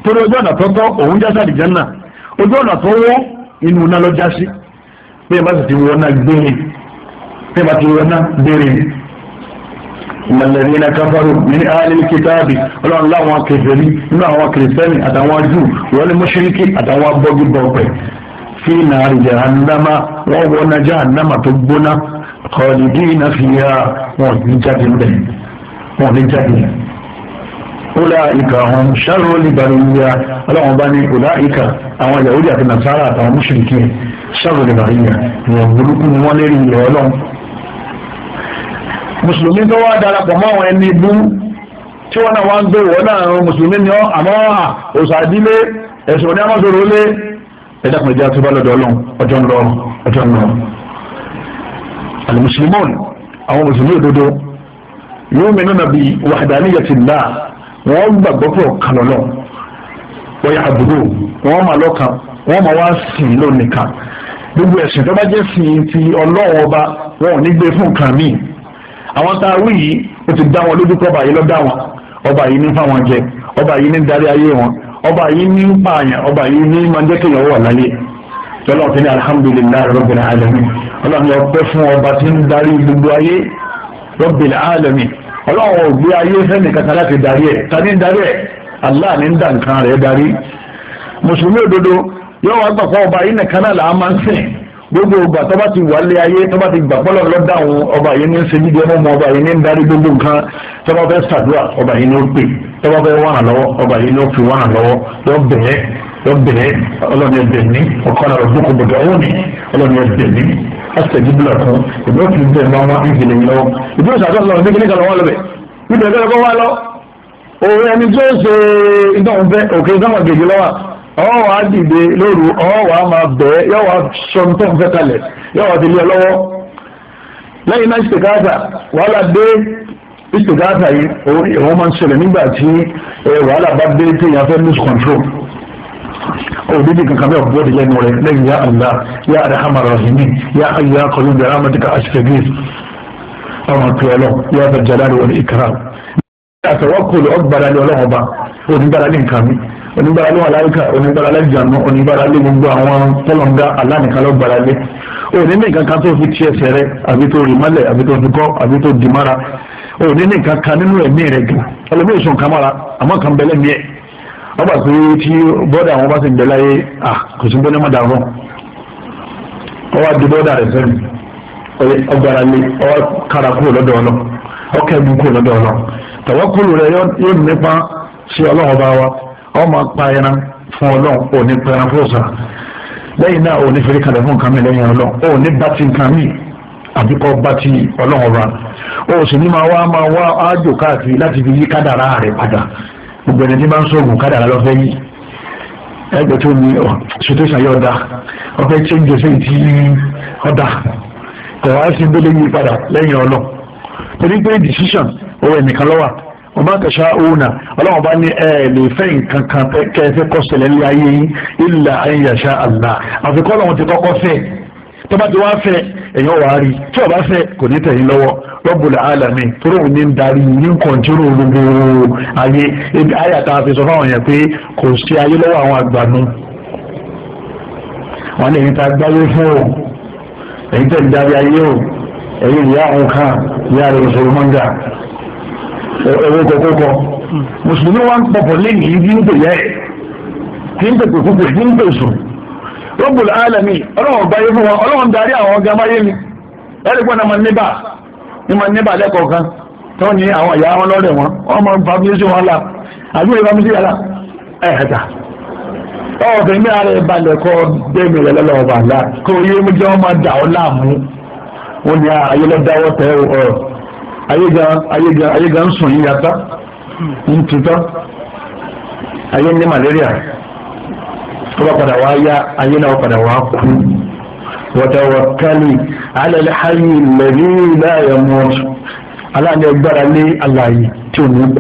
torí ojú ọ̀nà tọ́tọ̀ òun jásá àlìjánà ojú ọ̀nà tọ́wọ́ inú iná lọ jásí bí ẹ bá sì ti wọ náà gbére bí ẹ bá ti wọ náà gbére mọ̀lẹ́rìnà káfàrú ní alẹ́ kìtàbì ọlọ́run láwọn kèfèrí nínú àwọn kìrìsìtẹ́nì àtàwọn jù wọ́n ní àtàwọn abọ́gibọ̀pẹ̀ fi nàárì jahannama wọ́n wọ́nà jahannama tó gbóná khalidina fiha wọn ní jáde ń bẹ̀ wọn ní jáde ulaika hum sharrul bariyya ọlọ́run bá ní ulaika àwọn yahudi àti nasara àtàwọn mushriki sharrul bariyya ìwọ̀n burúkú ni wọ́n lérí ìyọ̀ ọlọ́run mùsùlùmí tó wá darapọ̀ mọ́ àwọn ẹni ibú tí wọ́n náà wá ń gbé wọ́n náà mùsùlùmí ni ọ́ àmọ́ òsàdílé ẹ̀sùn ní amọ́sọ̀rọ̀ lé ẹ̀dá kan ìjà àtúbà lọ́dọ̀ ọlọ́run ọjọ́ ń lọ ọjọ́ ń lọ. alimusulmọ́n àwọn mùsùlùmí òdodo yóò mẹ́nu nàbí wahdaniyyatillah wọ́n gbàgbọ́ pé ọ̀kan lọ́lọ́ wọ́n yà àbúrò wọ́n máa lọ́kàn wọ́n máa wá sìn lónìkan gbogbo ẹ̀sìn tó bá jẹ́ sìn ti ọlọ́run ọba wọn ò ní gbé fún nǹkan míì àwọn ọba yìí ní ń pààyàn ọba yìí ní máa ń jẹ́ kéèyàn wà láyé lọ́lọ́run ti ní alhamdulilayi rabbil alamin ọlọ́run yóò pẹ́ fún ọba tí ń darí gbogbo ayé rabbil alamin ọlọ́run ò gbé ayé sẹ́ni kàtà láti darí ẹ̀ ta ní darí ẹ̀ allah ní ń dà nǹkan rẹ̀ darí mùsùlùmí òdodo yóò wá gbàgbọ́ ọba yìí nìkan náà là máa ń sìn gbogbo ìgbà tó bá ti wà lé ayé tó bá ti gbà pọ́lọ̀ lọ́dà àwọn ọba yìí ní ṣe jíjẹ mọ́mọ́ ọba yìí ní ń darí gbogbo nǹkan tó bá fẹ́ ṣàdúrà ọba yìí ní ó pè tó bá fẹ́ wà hàn lọ́wọ́ ọba yìí ní ó fi wà hàn lọ́wọ́ yọ bẹ̀ẹ́ yọ bẹ̀ẹ́ ọlọ́ni ẹ̀bẹ̀ ní ọ̀kan àrò dúkù bọ̀dọ̀ ọ̀hún ni ọlọ́ni ẹ̀bẹ̀ ní asẹ̀jibula kan ìbí ó fi bẹ̀ẹ́ máa wá ìjìnlẹ̀ yìí lọ́wọ́ ìbí ó ṣàkóso lọ́wọ́ nígbà nígbà lọ́wọ́ lọ́bẹ̀ nígbà nígbà lọ́wọ́ lọ òun ẹni tó ṣe ìdáhùn fẹ́ òkè ìdáhùn àgbègbè lọ́wọ́ ọwọ́ wa dìde lóru ọwọ́ wa máa bẹ̀ẹ́ yọ wa sọm tó ń fẹ́ kalẹ̀ yọ wa ti lé ọ lọ́wọ́ lẹ́yìn náà ìṣèkáàtà wàhálà dé ìṣèkáàtà yìí òun máa ń ṣẹlẹ̀ nígbà tí wàhálà bá dé tí èèyàn fẹ́ lose control òdìdí kankan bẹ́ẹ̀ bọ́ọ̀dì lẹ́nu rẹ̀ lẹ́yìn ya Allah ya arhamar rahimin ya ayé akọ̀lù bẹ̀rẹ̀ amatika aṣèkègìs ọmọ pẹ̀lú ya bẹ̀rẹ̀ jalari wal ikram àtàwọ́kùlù ọgbàdàlẹ̀ ọlọ́wọ́ bá òdìgbàdàlẹ̀ nǹkan mi onígbára ló wà láyìíká onígbára lẹ́jànú onígbára lé gbogbo àwọn tọ́lọ̀ǹda alánìkálọ́ gbára lé òní ní nǹkan kan tó fi tiẹ̀ sẹ̀rẹ̀ àbí tó rì mọ́lẹ̀ àbí tó fi kọ́ àbí tó di mára òní ní nǹkan kan nínú ẹ̀mí rẹ̀ gan ẹlòmíì sùn kàn mára àmọ́ kan bẹ́lẹ̀ mi wọ́n gbà pé tí bọ́dà àwọn bá ti gbẹ láyé kò sí gbọ́dọ̀ mọ́dà rọ̀ ọ wá di bọ́dà rẹ̀ sẹ́mi ọgbàrá lé ọ kára kúrò lọ́dọ̀ ọlọ́ ọkẹ́ mi kúrò lọ́dọ̀ ọlọ́ tàwọn kúrò rẹ̀ yóò nípa sí ọlọ́run bá wa ọ máa pa ẹran fún ọlọ́run ò ní pẹran fún ọ̀sán lẹ́yìn náà ò ní fèrè kalẹ̀ fún nǹkan mi lẹ́yìn ọlọ́run ò ní bá ti nǹkan mi àbí kọ́ bá ti ọlọ́run ọba ò sì ní máa wá máa wá ájò káàkiri láti fi yí kádàrá rẹ̀ padà gbogbo ẹni tí bá ń sọ̀gùn kádàrá lọ́fẹ́ yìí ẹgbẹ́ tó ní ṣètòṣà yọ ọ̀dà ọ̀fẹ́ change ṣe ti ọ̀dà kọ̀ wá sí gbélé yí padà lẹ́yìn ọlọ́run torí pé decision owó ẹnìkan lọ́wọ́ ọba àtẹ̀sá òwúnà ọlọ́run bá ní ẹ lè fẹ́ nǹkan kan kẹfẹ́ kọ́sẹ̀lẹ̀ ní ayé yín ilà ayéyàṣá Allah àfikọ́ ọlọ́run ti kọ́kọ́ fẹ́ tọ́ba ti wá fẹ́ èèyàn wàá rí tí ọba fẹ́ kò ní tẹ̀yìn lọ́wọ́ Rabbul alamin tóró ní ń darí ní ń kọ̀ǹtírò gbogbo ayé ibi ayé àtàwọn fi sọ fáwọn yẹn pé kò sí ayé lọ́wọ́ àwọn àgbànú wọn ní èyí gbáyé fún o èyí tẹ̀ ń darí ayé o èyí ìyá àwọn ìyá rẹ̀ ìṣòro mọ́ngà ẹ̀wọ́ kọ̀ọ̀kọ̀ kọ mùsùlùmí wọn pọ̀pọ̀ lẹ́yìn yìí kí n pè yẹ kí n pè pè púpọ̀ kí n sùn fún wọn darí àwọn ni ẹ̀rí pé ọ̀nà níbà ní níbà kan tó ní àwọn ìyá wọn wọn wọn máa mi sí wọn la ayé ga ń sùn yín yàtá ń tutọ́ ayé ní malaria tó bá padà wá yá ayé náà padà wá kú wọ́tẹ̀wọ̀kẹ́lì alẹ́lẹ́hàyè lẹ́rí láyé mọ́tò aláàdé gbára lé àlàyé tí ò ní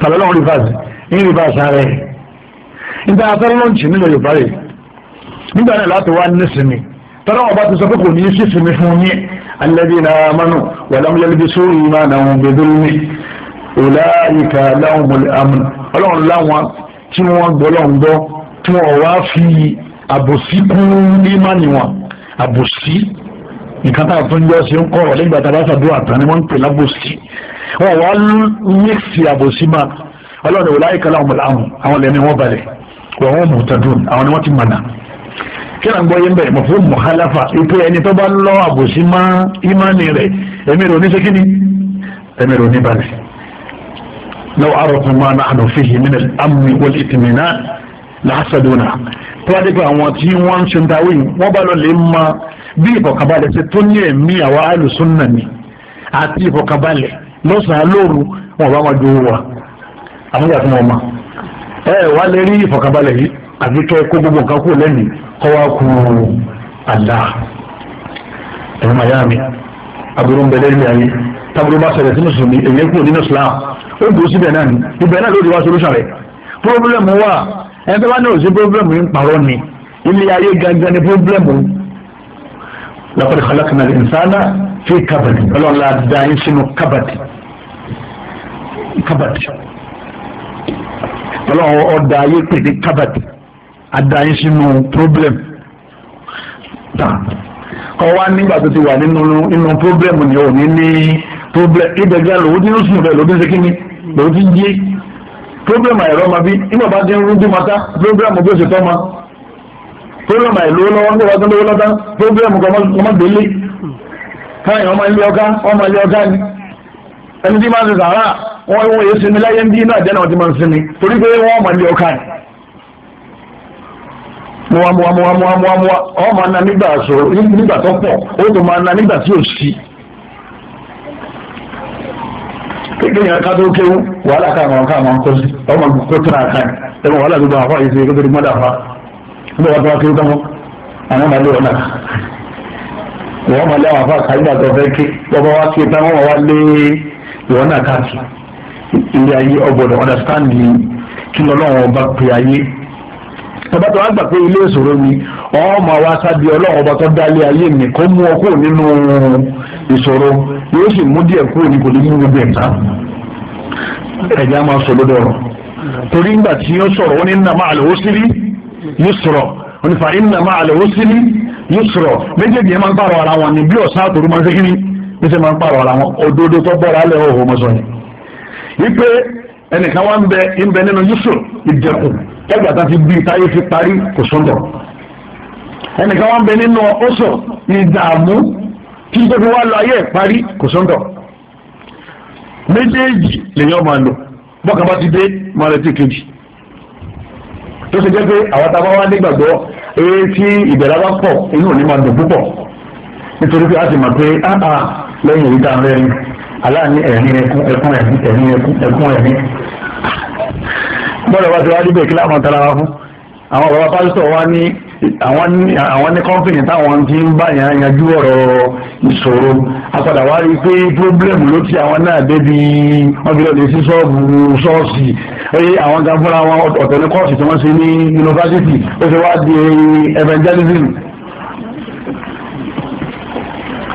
kú rivers ní rivers rẹ̀ nígbà afẹ́rọ́lọ́ǹtì nílẹ̀ yorùbá rẹ̀ nígbà náà láti wá nísìnyí tọ́lá wọn bá ti sọ pé kò ní í sísìnyí fún yín. الذين آمنوا ولم يلبسوا إيمانهم بظلم أولئك لهم الأمن ọlọ́run láwọn tí wọ́n gbọ́ lọ́n gbọ́ tí wọ́n wá fi àbòsí kún ímánì wọn àbòsí nǹkan tá a tún yọ ṣe ń kọ̀rọ̀ lẹ́gbàá tá a bá ṣàdúrà ni wọ́n ń pè lábòsí wọ́n wá mixi àbòsí máa ọlọ́run ọ̀la ìkàlà ọ̀mọ̀lá àwọn lẹ́ni wọ́n balẹ̀ wọ́n mú tàdún àwọn ni wọ́n ti mọ̀nà kíra ń gbọ́ yé ń bẹ̀ mọ̀ fún mọ̀hálàfà ipe ẹni tó bá lọ àbòsí má ìmánì rẹ̀ ẹ̀mí rò ní ṣe kíni ẹ̀mí rò ní balẹ̀. lọ́wọ́ àròkùn máa náà nù fìhì mí àmì wọlé ìtìmí náà làásàdúnà tó wá dé pé àwọn tí wọ́n ń ṣe ń dáwé wọ́n bá lọ lè ma bí ìfọ̀kàbalẹ̀ ṣe tó ní ẹ̀mí àwa àlùsùnà ni àti ìfọ̀kàbalẹ̀ lọ́sàn-án lóru wọn bá wọn jó wa àwọn ìyàtọ̀ wọn ẹ wá lè rí ìfọ̀kàbalẹ̀ yìí àbí kẹ́ kó gbogbo nǹkan kú lẹ́nu kọ́ wá ku àlá ẹ̀rọ màyá mi aburú ń bẹ lẹ́nu ayé táburú bá ṣẹlẹ̀ sí mùsùlùmí èyí kú nínú Islam ó dùn síbẹ̀ náà ni ibẹ̀ náà ló ti wá solúṣàn rẹ̀ pírọ́bùlẹ̀mù wà ẹni tó bá ní òsì pírọ́bùlẹ̀mù yìí ń parọ́ ni ilé ayé gangan ni pírọ́bùlẹ̀mù laqad khalaqna al fi kabad ọlọ́run la yín sínú kabad kabad ọlọ́run ọ̀dà ayé pè ní kabad adáyín sínú problem ọwọ́ nígbà tó ti wà nínú inú problem ni ò ní ní problem ibẹ̀ gan lòun ti ń sùn bẹ́ẹ̀ lòun ti ń ṣe kíni lòun ti ń jí problem àìrọ́ ma bí nígbà bá ti rúndú mata problem bí ó ṣe tọ́ ma problem àìlówó lọ́wọ́ nígbà bá ti lówó lọ́tà problem kọ́mọ́gbélé káyọ̀ ọmọ ilé ọ̀gá ọmọ ilé ọ̀gá ni ẹni tí máa ń ṣe sàárà wọ́n wọ́n yé sinmi láyé ń bí náà jẹ́ náà ti máa ń sinmi torí pé wọ́n ọmọ ilé ọ̀gá ni. muwa muwa muwa muwa muwa muwa ọ máa na nígbà sọ̀rọ̀ nígbà tó pọ̀ ó tó máa na nígbà tí ò sí. kékeré ká tó kéwú wàhálà sí ọmọ tó náà ẹgbẹ́ wàhálà gbogbo àwọn tọba tó wá gbà pé ilé ìṣòro ni ọmọ wa sábì ọlọ́run ọba tó dálé ayé mi kó mú ọ kúrò nínú ìṣòro yóò sì mú díẹ̀ kúrò ní kò ní nínú gbẹ̀ ta ẹ̀já máa sọ lódò ọ̀rọ̀ torí ńgbà tí yóò sọ̀rọ̀ ó ní nàmá àlòósírí yusra ó ní fa inna ma àlòósírí yusra méjèèjì yẹn máa ń pààrọ̀ ara wọn ní bí ọ̀sán àtòrú máa ń sékiri bí sẹ́ máa ń pààrọ̀ ara wọn ẹgbà tá ti bí táyé fi parí kò sọ́dọ̀ ẹnìkan wá ń bẹ nínú ọ̀sọ̀ ìdààmú tí tó fi wá lọ ayé ẹ̀ parí kò sọ́dọ̀ méjèèjì lèyàn máa lò bọ́kà bá ti dé máa retí kejì tó ṣe jẹ́ pé àwọn tá a bá wá nígbàgbọ́ eré tí ìbẹ̀rẹ̀ bá pọ̀ inú ò ní máa dùn púpọ̀ nítorí pé a ti mọ̀ pé áà lẹ́yìn èyí tá aláàánú ẹ̀rín ẹkún ẹkún ẹ̀rín ẹkún ẹ̀rín bọ́dọ̀ bá ti wá débẹ̀ kí láwọn tara wa fún àwọn bàbá pásítọ̀ wa ní àwọn ní kọ́ńfìnì táwọn ti ń bá yàn yanjú ọ̀rọ̀ ìṣòro apàdà wá rí i pé pírọ́blẹ̀mù ló ti àwọn náà débi wọ́n fi lọ lè sí ṣọ́ọ̀bù ṣọ́ọ̀ṣì oye àwọn gan fúnra wọn ọ̀tọ̀ ní kọ́ọ̀sì tí wọ́n ṣe ní yunifásitì ó ti wá di evangelism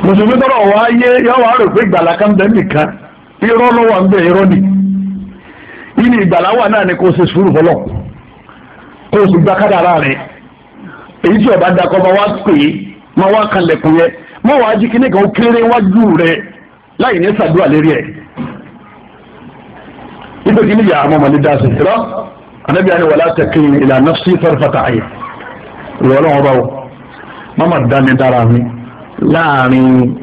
mùsùlùmí tọrọ wá yọ wá rò pé ìgbàlá kan bẹ́ẹ̀ nìkan irọ́ ló ń bẹ irọ́ nìkan nínú ìgbàlá wà náà ni kò ṣe sùúrù fọlọ́ kò sì gba kádàrá rẹ̀ èyí tí ọba dakọ ma wá pè é ma wá kalẹ̀kùn yẹ ma wàá jí kíní kan ó kéré wájú rẹ̀ láì ní sàdúrà lérí ẹ̀ ibi kìíní yà àmọ́ màlí dá sí ìrọ́ anabi ani wàlá tẹkìn ìlànà sí fẹ́rẹ́fẹ́ta ayé ìrọ̀lọ́ wọn bá wọ mama dání dára mi láàrin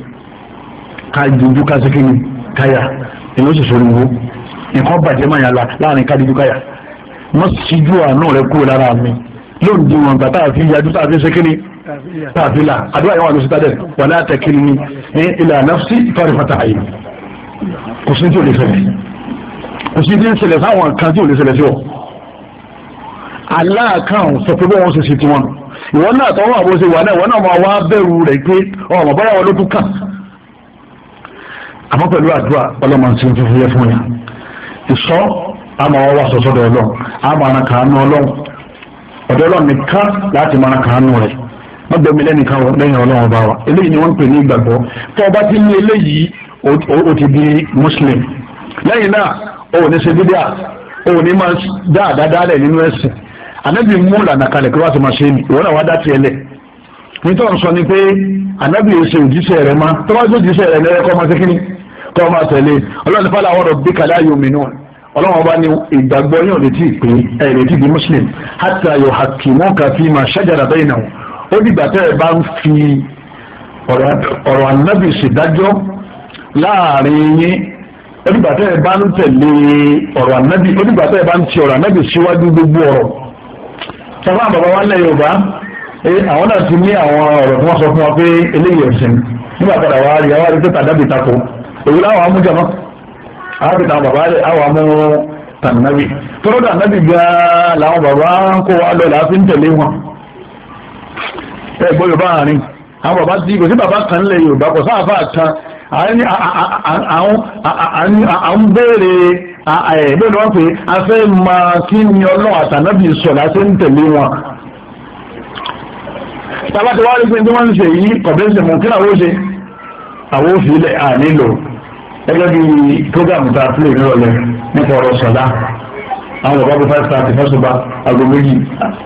ká dúdú ká sí kíní káyà ìlú sì sọ̀rọ̀ wọ́n nǹkan bàjẹ́ máa yàn la láàrin kádìjú káyà wọ́n ṣíjú àánú rẹ kúrò lára mi lóun di wọn gbà táàfin yadu táàfin sekiri táàfin là àdúrà yẹn wà lọ sí tádẹ wà láà tẹkiri ni ilà nafsi ìfarifata ayé kò sí tí o lè ṣẹlẹ̀ kò sí tí ń ṣẹlẹ̀ sáwọn kan tí o lè ṣẹlẹ̀ sí ọ aláàkàn sọ pé bọ́ wọn ṣe ṣe tiwọn ìwọ náà tọ́wọ́ àbọ̀ ṣe wà náà ìwọ náà máa wá bẹ̀rù rẹ̀ pé ọmọ bọ́yá wọn ló tún kàn àmọ́ pẹ̀lú àdúrà ọlọ́mọ ṣe ń fi fúyẹ́ fún yàn ìsọ́ ama wọ́n wá sọ́sọ́dọ̀ ọlọ́run ama ara kàánú ọlọ́run ọ̀dọ̀ ọlọ́run nìkan láti mọ ara kàánú rẹ̀ wọ́n bẹ̀rù mi lẹ́nìkan lẹ́yìn ọlọ́run ọba wa eléyìí ni wọ́n ń pè ní ìgbàgbọ́ tó o bá ti ní eléyìí o ti di muslim lẹ́yìn náà o ò ní ṣe bídíà o ò ní máa dáadáa dáadáa nínú ẹ̀sìn ànábì mú ìlànà kalẹ̀ kí wọ́n ti máa ṣe é ní ìwọ́n náà wá dá tiẹ̀ lẹ̀ nítorí sọ ni pé ànábì yóò ṣe òjíṣẹ́ rẹ̀ máa tó bá ṣe lẹ́yẹ kọ́ máa ṣe kíni kọ́ ọ máa tẹ̀lé ọlọ́run fàlà ọ̀rọ̀ bí kàlá yóò mìíràn ọlọ́run ọba ní ìgbàgbọ́ yóò lè ti pè é ẹ̀ lè ti di muslim hatta yóò hakimuka fi ma shajara bainahum ó dìgbà tẹ́ ẹ bá ń fi ọ̀rọ̀ ànábì ṣèdájọ́ láàrin yín ó dìgbà tẹ́ ẹ bá ń tẹ̀lé ọ̀rọ̀ ànábì ó dìgbà tẹ́ ẹ bá ń ti ọ̀rọ̀ ànábì síwájú gbogbo ọ̀rọ̀ sọ́kọ́ àbàbà wa lẹ̀ yorùbá àwọn náà ti ní àwọn ọ̀rọ̀ tí wọ́n sọ fún wa pé eléyìí ẹ̀sìn nígbà padà wá rí èyí láwọn amújàmọ́ àbẹ̀tà àwọn bàbá rẹ̀ àwọn amú tànàbì tọ́lọ́dà nàbì gan-an làwọn bàbá ń kó wa lọ làá fi ń tẹ̀lé wọn. ẹ gbọ́ yorùbá àárín àwọn bàbá tí kò sí bàbá kan lẹ̀ yorùbá kò sáà fáà kan à ń béèrè bẹ́ẹ̀ ni wọ́n pè a fẹ́ máa kí ni ọlọ́run àtànàbì sọ̀ làá fi ń tẹ̀lé wọn tàbá ti wá rí pé tí wọ́n ń ṣe yìí kọ̀bẹ́sẹ̀ mú kí làwọn ó ṣe àwọn ó fi ilẹ̀ ànílò gẹ́gẹ́ bí programu tá a fúlẹ̀ nírọ̀lẹ́ nípa ọ̀rọ̀ sọ̀dá àwọn ọ̀gá bíi five thirty fẹ́sùbà aago méjì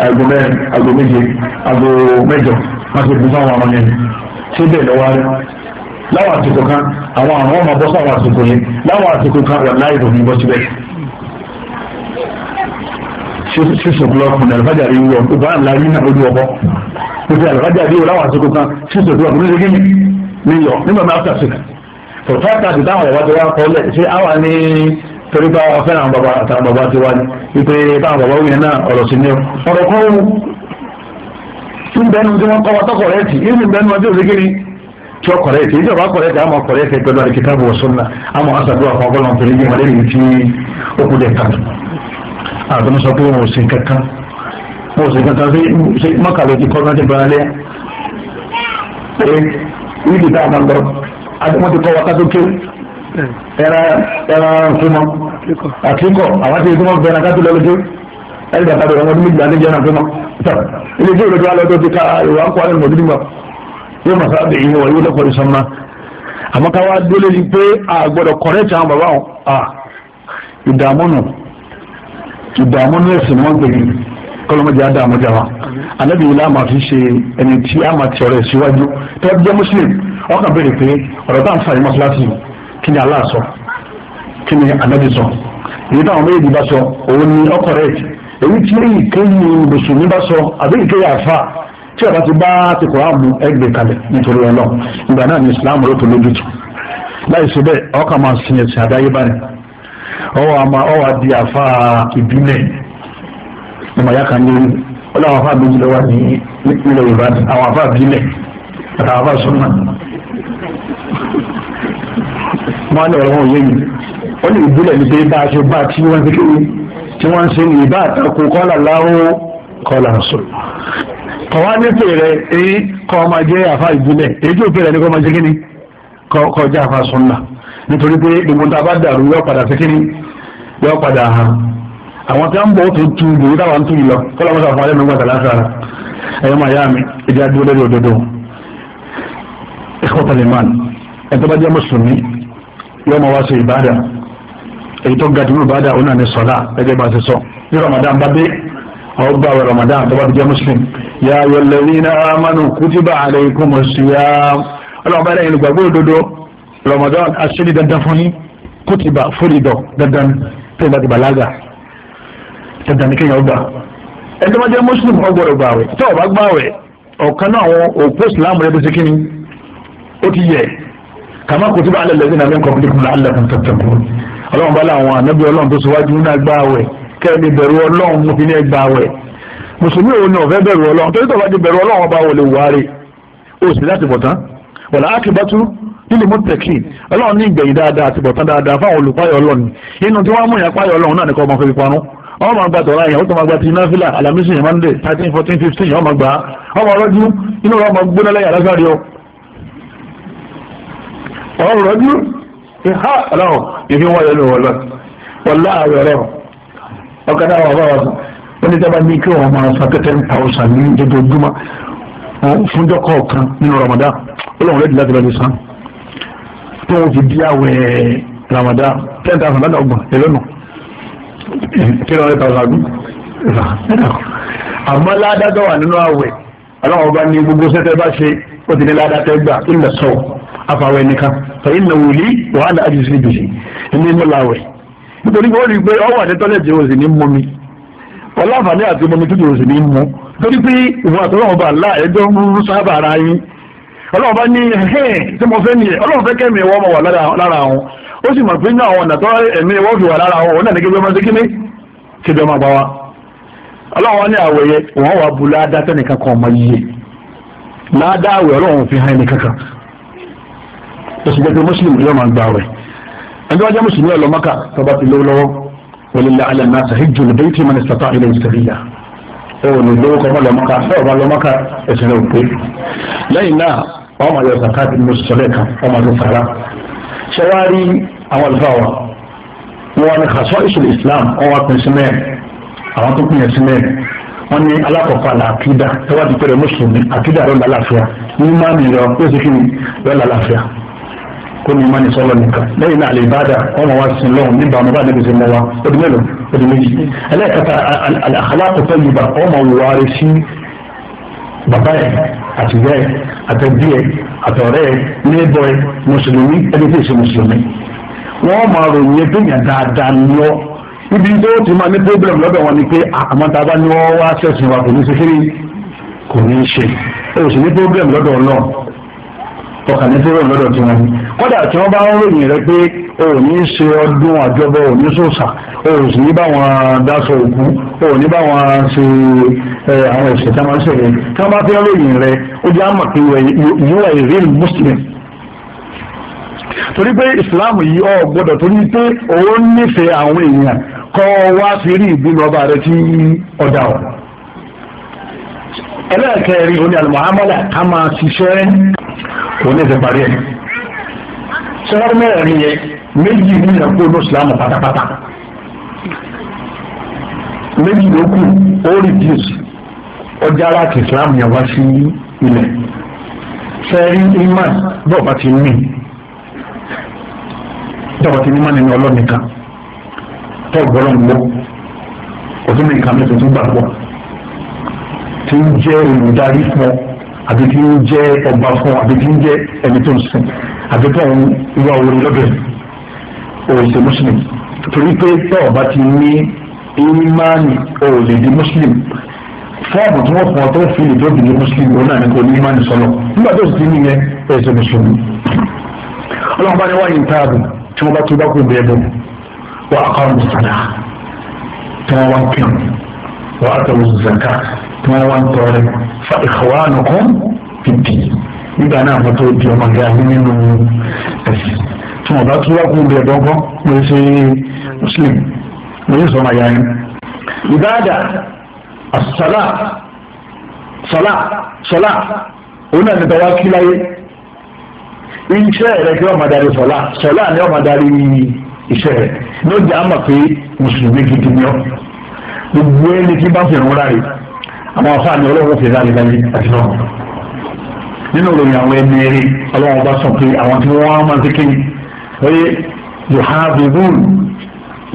aago mẹ́rin aago méje aago mẹ́jọ wọ́n ti bùn fáwọn ọmọ yẹn ṣé bẹ́ẹ̀ lọ́wọ́ rẹ̀ láwọn àsìkò kan àwọn àrùn ọmọ bọ́ sáwọn àsìkò yẹn láwọn àsìkò kan wà láì rò ní bọ́ síbẹ̀. six o'clock ní alifajà rí wọ ìgbà ńlá rí náà ojú ọkọ ìgbà alifajà rí wọ láwọn àsìkò kan six o'clock ní ìgbà mi yọ nígbà mi after six. tó fẹ́ẹ́ tàbí táwọn bàbá ti wá kọ́ lẹ̀ ṣé àwa ní torí bá wa fẹ́ràn àwọn bàbá àtàwọn bàbá ti wá bàbá náà ọ̀rọ̀ sí ni ó ọ̀rọ̀ kọ́ wù tún bẹ́nu tí wọ́n kọ́ wa tọkọ̀ rẹ̀ tì í sì bẹ́nu ọjọ́ òṣèkiri tí ó kọ̀rẹ́ tì í jọba kọ̀rẹ́ tì àmọ́ kọ̀rẹ́ tì pẹ̀lú àdìkítàbù ọ̀ṣunna àmọ́ àṣàdúrà torí a àdìmọ́ ti kọ́ wa ká tó kéwù ẹran ẹran fúnmọ́ àtìkọ́ àwọn àti ìdúmọ̀ bẹ̀rẹ̀ ká tó lọ lójú ẹni bàtà bẹ̀rẹ̀ wọn nígbà níjẹ́ náà fúnmọ́ tọ́ ilé tí olùdó alẹ́ tó ti ka ìwà ń kọ́ alẹ́ mọ̀dúnrún mọ́ yóò mọ̀ sábẹ̀ yìí wọ̀ yóò lọ́kọ̀ ìsọ̀mọ́ àmọ́ ká wá délé ni pé àgbọ̀dọ̀ kọ̀rẹ́tì àwọn bàbá wọn ìdààmú nù ni wọ́n gbé yìí kọlọmọdé adamu jama anabi wula ma fi ẹni tí a ma tẹrẹ tẹbi jẹ muslim ọkàn ka pé ọ̀rọ̀ tá à ń fa ìmọ̀ kí ni Allah sọ kí ni anabi sọ èyí táwọn méjì bá sọ òun ni ọkọ̀ èyí tí ìkéyìí mùsùlùmí bá sọ àbí ìkéyìí àfa tí ọba ti bá ti kọ́ àmú ẹgbẹ́ kalẹ̀ nítorí ọlọ́ ìgbà náà ni Islam ló tó lójú tó láì ṣe bẹ́ẹ̀ ọkàn máa sin ẹ̀sìn àdáyébá ni ọwọ́ àmà ọwọ́ àdì àfa ọlọ́wọ́ àfa ní Yorùbá àwọn àfa ìbílẹ̀ àtàwọn àfa sọ́nà wọn ní ọ̀rọ̀ wọn ò yé mi ó lè gbúlẹ̀ ní pé bá a ṣe bá a tí wọ́n ti kéwì tí wọ́n ń ṣe ní ìbá àtàkùn kọ́là láwọ́ kọ́là sọ. kọ̀wá ní pè rẹ èyí kọ́ ọmọ jẹ́ àfa ìgbúlẹ̀ èyí tí ò pè rẹ ní kọ́ ọmọ jẹ́ kíni kọ́ jẹ́ àfa sọ́nà nítorí pé gbogbo tá a bá dàrú yọ padà sí kíni yọ padà hàn àwọn tí wọ́n ń bọ̀ tó tu lòyìn táwọn ń tu yìí lọ kọ́lá wọn sọ fún alẹ́ ẹ̀tọ́ bá jẹ́ mùsùlùmí yóò máa wá sí ìbáàdà èyí tó ga jùlọ ìbáàdà òun náà ní sọlá ẹgbẹ́ bá ti sọ ní Ramadan bá dé àwọn gbà wẹ̀ Ramadan tó bá ti jẹ́ mùsùlùmí ya ayyuhal ladhina amanu kutiba alaykumus siyam ọlọ́run bá lẹ́yìn olùgbàgbọ́ òdodo Ramadan aṣèlú dandan fún yín kutiba fúlidọ̀ dandan tó bá ti bàlágà dandan ní kéèyàn gbà ẹni tó bá jẹ́ mùsùlùmí ọgbọ̀rọ̀ gbàwẹ̀ tó bá gbàwẹ̀ ọ̀kan náà àwọn òpó ìsìlámù rẹ̀ kàmá kò tí bá alẹ́ lẹ́sìn àmì kọ́pìlì kùn lálẹ́ fún tẹ̀tẹ̀kù ọlọ́run bá láwọn anábì ọlọ́run tó síwájú náà gbà wẹ̀ kẹ́ẹ̀ni bẹ̀rù ọlọ́run mo fi ní ẹgbà wẹ̀ mùsùlùmí òun náà fẹ́ bẹ̀rù ọlọ́run torí tọ́ba ti bẹ̀rù ọlọ́run ọba wọlé wàárẹ̀ o sì láti bọ̀ tán wọ̀lá akébátú nílùú mọ́tẹ̀kì ọlọ́run ní ìgbẹ̀yìn dáadáa àti bọ̀tán dáadáa fáwọn olùpáyọ̀ ọlọ́run inú tí wọ́n mú yàn páyọ̀ ọlọ́run náà nìkan ọmọ fẹ́ fi parun ọmọ máa gba tọ̀ra yẹn ó tó máa gba ti náfìlà alamisi yẹn monday thirteen fourteen fifteen ọmọ gbà á ọmọ ọlọ́jú inú rẹ̀ ọmọ gbóná lẹ́yìn alásàrí ọ ọ̀rọ̀ rẹ̀ dúró ìhá ọlọ́run ìfi wọ́n yẹn ló wọ́n lọ wọ́n láàárọ̀ ọlọ́run ọ̀kadà wà bá wà sùn wọ́n ní dábàá ní kí wọ́n máa san ten thousand ní dojoojúmọ́ fúnjọ́ kọ̀ọ̀kan nínú Ramadan ọlọ́run rẹ̀ láti lọ́ọ́ san tó wọ́n ti bí àwẹ̀ Ramadan ten thousand lọ́dọ̀ ọgbọ̀n ẹlọ́nà kí lọ́ọ́ rẹ̀ thousand àmọ́ ládàá tó wà nínú àwẹ̀ ọlọ́run ọba ní gbogbo sẹ́tẹ̀ bá ṣe ó ti ní ládàá tẹ́ gbà ńlẹ̀ sọ̀rọ̀ àfàwẹ̀ nìkan fẹ̀yìn na wòlí wàhálà àjùsí bìsì ẹni mú làwẹ̀ nítorí wọ́n rí i pé ọwọ́ àti tọ́lẹ̀tì òsì ní mú mi ọlọ́fààní àti mọ́mi tútù òsì ní mú torí pé ìwọ àtọ́lọ́wọ́n bá àlá ẹjọ́ ń sábà ara yín ọlọ́wọ́n bá ni ẹ̀hẹ́n tí mo fẹ́ fi ó sì jẹ́ pé mùsùlùmí yóò máa gba rẹ̀ ẹni wájú mùsùlùmí ọ̀lọ́ mọ́kà tó bá ti lówó lọ́wọ́ walillahi ala nasa hijju al-bayti man istata'a ilayhi sabila òun ò lówó kọ́kọ́ lọ mọ́kà tó bá lọ mọ́kà ẹ̀sìn rẹ̀ ò pé lẹ́yìn náà wọ́n máa yọ sàkáàtì ní oṣù sọ́lẹ̀ kan wọ́n máa lọ fara ṣé àwọn àlùfáà wa wọn ni kàṣọ ìṣòro Islam wọn wá pín sí mẹ́rin àwọn tó pín yẹn sí wọn ní alákọ̀ọ́kọ́ àlàkídà ẹwà ti pẹ̀lú mùsùlùmí àkídà rẹ̀ lálàáfíà ní mánì rẹ̀ ó sì kí ni rẹ̀ lálàáfíà kó ní ìmánì sọ́lọ́ nìkan lẹ́yìn náà àlè ìbáàdà wọ́n máa wá sí lọ́hùn nígbà wọn bá níbi sí mọ́ wa ó di mélòó ó di méjì ẹlẹ́ẹ̀kẹta àkàlàkù tó yìí bá wọ́n máa wù wáre sí bàbá ẹ̀ àtìyá ẹ̀ àtẹ̀bí ẹ̀ àtọ̀rẹ́ ẹ̀ níbọ̀ ẹ̀ mùsùlùmí ẹni tí ì ṣe mùsùlùmí wọ́n máa ròyìn ẹgbẹ́ yẹn dáadáa ní ọ́ ibi tó ti máa ní problem lọ́dọ̀ wọn ni pé a bá ní wọ́n wá sẹ̀sìn wa kò ní ṣe kiri kò ní ṣe o sì ní problem lọ́dọ̀ náà ọkàn ní problem lọ́dọ̀ tiwọn ni kódà tí wọ́n bá ń ròyìn rẹ pé o ní ṣe ọdún àjọbọ ò ní sòsà o sì ní bá dáṣọ òkú o ní bá ṣe àwọn ẹ̀sẹ̀ tí wọ́n máa ń ṣẹlẹ̀ tí wọ́n bá fi ń ròyìn rẹ ó jẹ́ àmọ̀ pé you are muslim torí pé islam yìí ọ gbọ́dọ̀ torí pé òun nífẹ̀ẹ́ àwọn èèyàn kọ́ wá sí rí ìbínú ọba rẹ tí ọ̀dà ọ̀ ẹlẹ́ẹ̀kẹrin òní àlùmọ́ àmọ́lá ká máa ṣiṣẹ́ òun ní ìfẹ́ parí ẹ̀ sẹ́wọ́n mẹ́rin yẹn méjì ní ìyàpọ̀ ní ìsìlámù pátápátá méjì ló kù ó reduce ọjà láti ìsìlámù yẹn wá sí ilẹ̀ sẹ́rí imá bọ́ọ̀bá ti mí bọ́ọ̀bá ti ní má nínú ọlọ́nìkan tọ́gbọ́rọ̀ ń gbọ́ òtún mi nǹkan mẹ́tẹ̀ẹ́ tó gbàgbọ́ tí ń jẹ́ olùdarí fún ọ àbí kí ń jẹ́ ọba fún àbí kí ń jẹ́ ẹni tó ń sìn àbí kí òun wá orí lọ́bẹ̀ òun ṣe muslim torí pé tẹ́ ọba ti ní ìmánì òun lè di muslim fọ́ọ̀mù tí wọ́n fún ọ tó fi lè tóbi ní muslim òun náà ní kò ní ìmánì sọlọ nígbà tó sì ti ní yẹn ẹ̀ muslim ọlọ́run bá ní wáyé ń táàbù tí wọ́n bá tó bá kú bẹ́ẹ̀ bọ̀ wọ́n akọ́rùn-ún sàdá tí wọ́n wá ń pè wọ́n àtàwọn zaka tí wọ́n wá ń tọrẹ fa ikhwanukum fìdí nígbà náà mo tó di ọmọ ìyá mi nínú ẹ̀sìn tí wọ́n bá tún wá kún bẹ̀rẹ̀ dọ́gbọ́n mo ṣe muslim mo yẹ sọmọ ìyá yẹn. ìbáàdà àṣàlá ṣọlá ṣọlá òun náà ní tọ́wá kí láyé iṣẹ́ rẹ̀ kí ọmọ darí sọ̀lá sọ̀lá ni ọmọ darí iṣẹ́ rẹ̀ ló jẹ́ àmọ̀ pé mùsùlùmí gidi ni ọ́ gbogbo ẹni tí bá fi ràn wọ́n rárẹ̀ àwọn afáà ni ọlọ́run fi láàyè láyé àti náà nínú ìròyìn àwọn ẹni eré ọlọ́run bá sọ pé àwọn tí wọ́n máa ń kéke oye yohanibun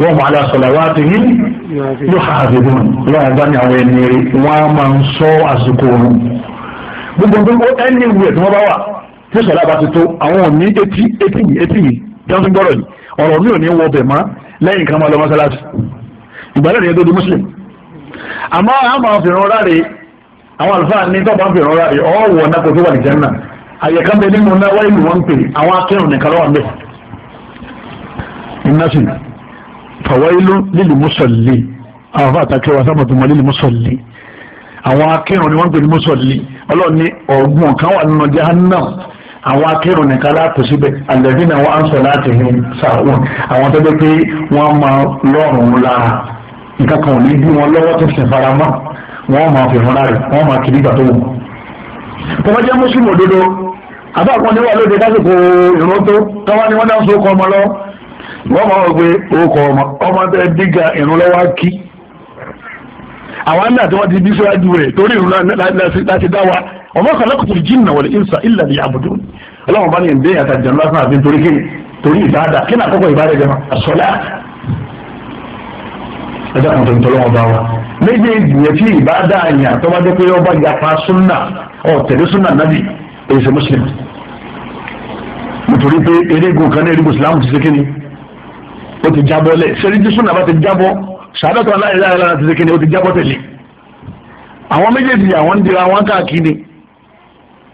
wọ́n mọ̀ alẹ́ sọ̀lá wá ti yí yohanibun ọlọ́run bá ní àwọn ẹni eré wọ́n máa ń sọ àsìkò òun gbogbo ẹni ìwé tí wọ́n bá wà tí sọ̀lá bá ti tó àwọn ò ní etí etí yìí etí yìí jọ́sìn gbọ́rọ̀ yìí ọ̀rọ̀ mi ò ní wọ bẹ̀ mọ́ lẹ́yìn kan máa lọ mọ́sálásì ìgbàlẹ́ àmọ́ àmọ́ àfihàn ráre àwọn àlùfáà ní tọ́pọ̀ àfihàn ráre ọ̀wọ̀ náà kò tó wà ní jẹ́nà àyẹ̀ká ń bẹ nínú náà wáyé ìlú wọn ń pè àwọn akẹ́rùn nìkan lọ́wọ́ mẹ́. ìnáṣì fàwáìlú lílù mùsọ̀lì àwọn afá àtàkẹ́ wa sábà tó mọ lílù mùsọ̀lì àwọn akẹ́rùn ni wọ́n ń pè ní mùsọ̀lì ọlọ́ọ̀ni ọ̀gbun kan wà nínú jahannam àwọn akẹ́rùn nìkan láàpọ̀ síbẹ̀ àlẹ́bí náà wọ́n á ń sọ láti hin sàrún àwọn tó dé pé wọ́n máa lọ́rùn lára nǹkan kan ò ní bí wọn lọ́wọ́ tó sì fara mọ́ wọn máa fi hàn rẹ̀ wọn máa kiri ìgbà tó wù. tó bá jẹ́ mùsùlùmí òdodo àbá kan ní wà lóde lásìkò ìrún tó táwa ni wọ́n dáhùn sókò ọmọ lọ wọ́n máa wọ pé orúkọ ọmọ ọmọ tẹ díga ìrún lọ́wọ́ kí. àwọn àná tí wọ́n ti bí síwájú rẹ̀ torí ìrún láti dá wa ọmọ kan lọ́kùnrin jinna wal insa illa liya'budun ọlọ́run bá ní ìdẹ́yà àtàjẹ́ ńlá fún àfi torí kí torí ìbáàdà kí ni àkọ́kọ́ ìbáàdà jẹ́ ma àṣọlá ẹ̀dá kan tó ń tọ́lọ́wọ́ bá wa méjèèjì yẹn tí ìbá dá àyàn tó bá dé pé ọba yapa súnà ọ tẹ̀lé súnà nábì èyí ṣe mùsùlùmí nítorí pé erégun kan ní erégun islam ti ṣe kíni ó ti jábọ́ lẹ̀ sẹ́ni tí súnà bá ti jábọ́ sàádọ́tọ̀ aláìláìlára ti ṣe kíni ó ti jábọ́ tẹ̀lé àwọn méjèèjì àwọn ń dira wọn káàkiri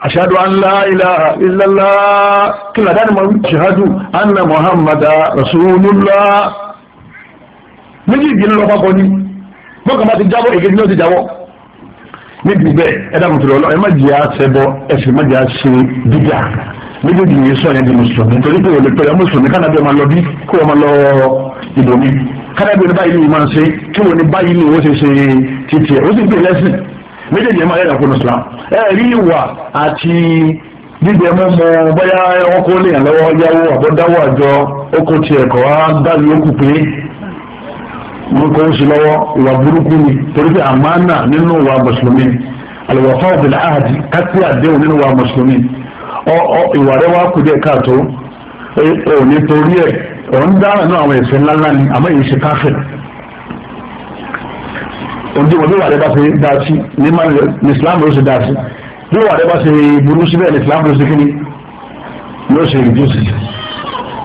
ashadu an la ilaha illallah kí ladani ma ṣahadu anna muhammadu rasulullah méjìdì ńlọ papọ̀ ni bọ́kàn bá ti jábọ̀ èkejì náà ti jábọ̀ níbi bẹ́ẹ̀ ẹ dákun tó lọ ẹ má jẹ́ àṣẹbọ ẹ sì má jẹ́ àṣe dídà méjèèjì yìí sọ yẹn di mùsùlùmí torí pé òòlù pẹ̀lú mùsùlùmí kánábì ọmọ lọ bí kó ọmọ lọ ìdòmí kánábì ní báyìí ni máa ń ṣe kí wọn ní báyìí ni wọ́n ṣe ṣe títì ẹ̀ ó sì ń pè lẹ́sìn méjèèjì yẹn máa yẹ kó nùsùlá ẹ rí ìwà àti dídẹ mọ́ mọ́ bóyá ọkọ lè yàn lọ́wọ́ yáwó àbọ̀dáwọ̀ àjọ ó kó tiẹ̀ kọ́ á dá wọn kọ́ sí lọ́wọ́ ìwà burúkú ni torí pé àmánà nínú wa mùsùlùmí àlùwàfà òbílẹ̀ àhàdì kátí àdéhùn nínú wa mùsùlùmí ìwà rẹ wá kù díẹ̀ káàtó òní torí ẹ̀ òun dára náà àwọn ẹ̀ṣẹ̀ ńláńlá ni àmọ́ èyí ṣe káfẹ́ ojú wọn bí wàá rẹ bá ṣe dá sí ní islam ló ṣe dá sí bí wàá rẹ bá ṣe burú síbẹ̀ ní islam ló ṣe kíni ló ṣe rìdíùsì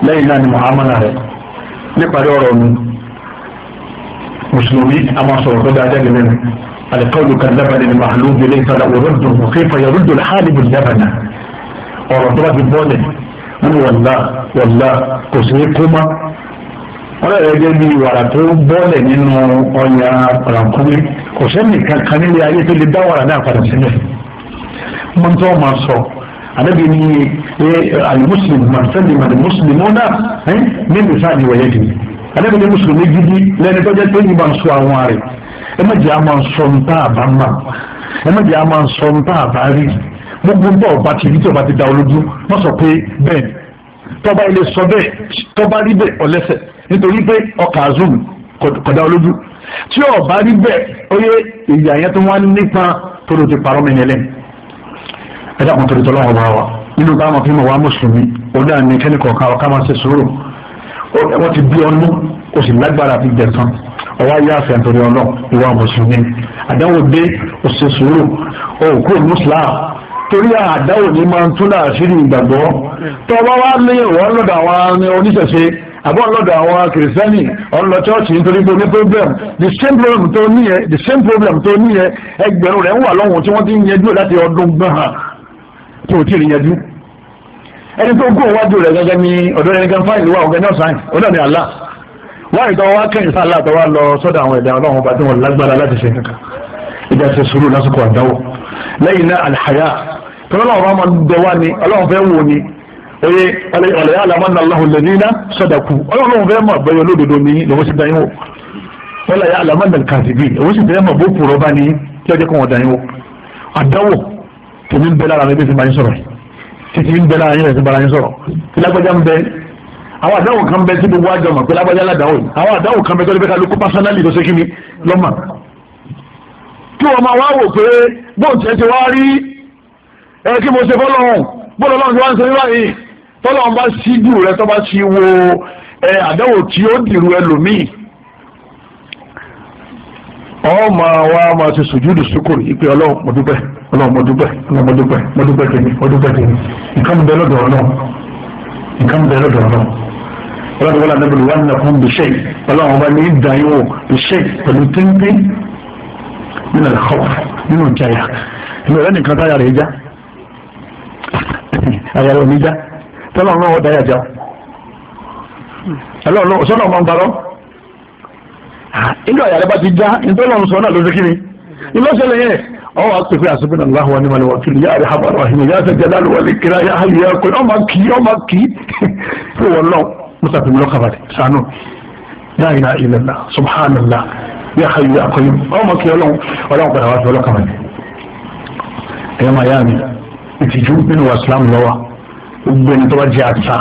lẹ́yìn náà ni muhammadu mùsùlùmí àwọn sọ̀rọ̀ tó dáadáa lè mẹ́rin alikawulu kan labani ni mahalo bi lẹ́yìn tala o rọdùn o kéfa ya rọdùn hali bi labana ọ̀rọ̀ tó bá ti bọ́ọ̀lẹ̀ wọn wàllá wàllá kò sí kúmá wọn yẹrẹ gẹ́gẹ́ bí wàrà tó bọ́ọ̀lẹ̀ nínú ọ̀yà rànkúmi kò sẹ́ni kankan nílé ayé tó lè dá wàrà náà padà sílẹ̀ mọ́tò máa sọ anabi ni alimuslim man sallima alimuslimuna min lisani wa yadihi alábìlẹ mùsùlùmí gidi lẹni tó jẹ pé yìí máa ń sọ àwọn rẹ ẹ má jẹ àmà sọ nta àbá mà ẹ má jẹ àmà sọ nta àbá rí gbogbo nbọ ọba ti ibi tí ọba ti da olójú má sọ pé bẹ́ẹ̀ tọba ilé sọ bẹ́ẹ̀ tọba rí bẹ́ẹ̀ ọlẹsẹ nítorí pé ọkà zoom kódà olójú tí ọba rí bẹ́ẹ̀ oyè ìyá yẹn tó wá nípa tó ti parọ́ mi nílẹ̀ ẹ dàpọ̀ torí tọ́lọ́wọ́ bá wa nínú bá fi mọ̀ wá mùsùlùmí ó dáa ní kẹ́nìkọ̀ọ́ká ọ̀ká máa ṣe sùúrù wọ́n ti bí ọlú kò sì lágbára àti gbẹ̀sán ọwọ́ ayé àfẹ́ntorí ọlọ́ ìwà mùsùlùmí àdáwò dé òṣè sùúrù òkú ìmúsùláà torí àdáwò ní máa ń tún láàṣírí ìgbàgbọ́ tó ọba wa ní ìwọ́n lọ́dọ̀ àwọn oníṣẹ̀ṣe àbọ̀ lọ́dọ̀ àwọn kìrìsìtẹ́nì ọ̀nlọ chọ́ọ̀chì nítorí pé ó ní problem the same problem tó ní yẹ the same problem tó ní yẹ ẹgbẹ̀rún rẹ̀ ń wà lọ́hùn tí wọ́n ti ń yẹjú láti ọdún gbọ̀n hàn tí ò tí ì rí yẹjú ẹni tó kó wájú rẹ̀ gẹ́gẹ́ ní ọ̀dọ́ ẹni kan fáìlì wà ọ̀gẹ́ ní ọ̀sán ọ̀dọ́ ni àlá wọ́n ìtọ́ wá kẹ́yìn sáà láàtọ̀ wá lọ sọ́dọ̀ àwọn ẹ̀dá ọlọ́run bá tí wọ́n lágbára láti ṣe kankan ìjà ṣe sùúrù lásìkò àdáwò lẹ́yìn náà àlàyà tọ́lá ọlọ́run bá máa bẹ wá ni ọlọ́run fẹ́ wò ni oye ọ̀lẹ́yà àlàmánà aláhùn lẹ́nìínà sọ̀dàkù ọlọ́run fẹ́ mọ̀ bẹ́yọ lódodo ni lọ́wọ́ sí dáyìn wò ọ̀lẹ́yà àlàmánà kàdìbì lọ́wọ́ sí fẹ́ bó purọ́ bá ni kí ọjọ́ kan wọ̀ dáyìn wò tèmi ń bẹ lára mi bí fi máa ń sọ̀rọ̀ yìí títí ń bẹ lára yín ẹ̀sìn bara yín sọ̀rọ̀ tí lágbájá ń bẹ àwọn àdáwò kan bẹ tí gbogbo àjọ mọ̀ pé lágbájá ládàáwò yìí àwọn àdáwò kan bẹ tó lè fẹ́ ká lóko pásánálì tó ṣe kí ni lọ́mà kí wọ́n máa wá wò pé bóun tiẹ̀ ti wá rí ẹ kí mo ṣe fọlọ́hún bóun ọlọ́run ti wá ń ṣe nígbà yìí tọ́lọ́run bá ṣíjú rẹ tó bá ṣí wo àdáwò tí ó dìrú ẹlòmíì ọ máa wá máa ṣe sùjúdù sùkúrù ìpè ọlọ́run mo dúpẹ́ ọlọ́run mo dúpẹ́ ọlọ́run mo dúpẹ́ mo dúpẹ́ tèmi mo dúpẹ́ tèmi nǹkan ń bẹ lọ́dọ̀ ọlọ́run nǹkan ń bẹ lọ́dọ̀ ọlọ́run ọlọ́run wọlé anábìlú wà nínú fún bìṣẹ́ ọlọ́run ọba ní ìdáyìn wò bìṣẹ́ pẹ̀lú téńté nínú ẹ̀kọ́ nínú ìjayà ìlú ọ̀rẹ́ nìkan táyà rẹ̀ já àyà rẹ̀ ò ní já tọ́lọ́run Ah, nígbà yàrá bá ti já nítorí ọ̀run sọ náà ló ṣe kí ni ìlọ́sẹ̀lẹ̀ yẹn ọwọ́ a pèpè àṣìbìnà aláhùn wa ní màlúwà tó lè yára habar rahim yára sẹ́jà lálu wà lè kíra yá hàlù yá kọ́ ọmọ kì í ọmọ kì í fún wọn lọ musa fi lọ́kà bàtì sànù yára yìí náà ilẹ̀ náà subhanallah yá hàlù yá kọ́ ọmọ kì í ọlọ́run ọlọ́run padà wá fi ọlọ́kà bàtì. ẹ̀yọ́ máa yá mi ìtìjú nínú wa islam lọ́wọ́ gbogbo ẹni tó bá jẹ́ àṣà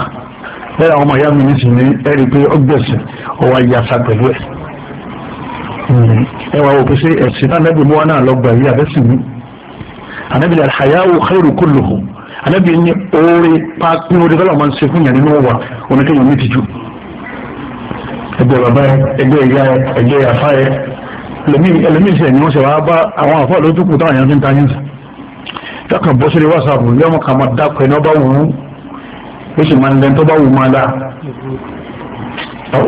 bẹ́ẹ̀ àwọn máa yá mi nísìnyí ẹ wà wò pé ṣé ẹ̀sìn náà anábì muwa náà lọ́gbà yìí àbẹ́sìn mi anábì ní alhayahu khairu kulluhu anábì ní oore pápín oore tọ́lá máa ń ṣe fún yàrá nínú wa oníkéyàn ní tìjú ẹgbẹ́ bàbá yẹ ẹgbẹ́ ìyá yẹ ẹgbẹ́ ìyàfá yẹ ẹlẹ́mìí sẹ̀ ni wọ́n ṣe wàá bá àwọn àfọ àlójúkù táwọn yẹn fi ń ta yín sí dákan bọ́ sórí wásaapù yọmọ kà máa dákọ̀ ẹ̀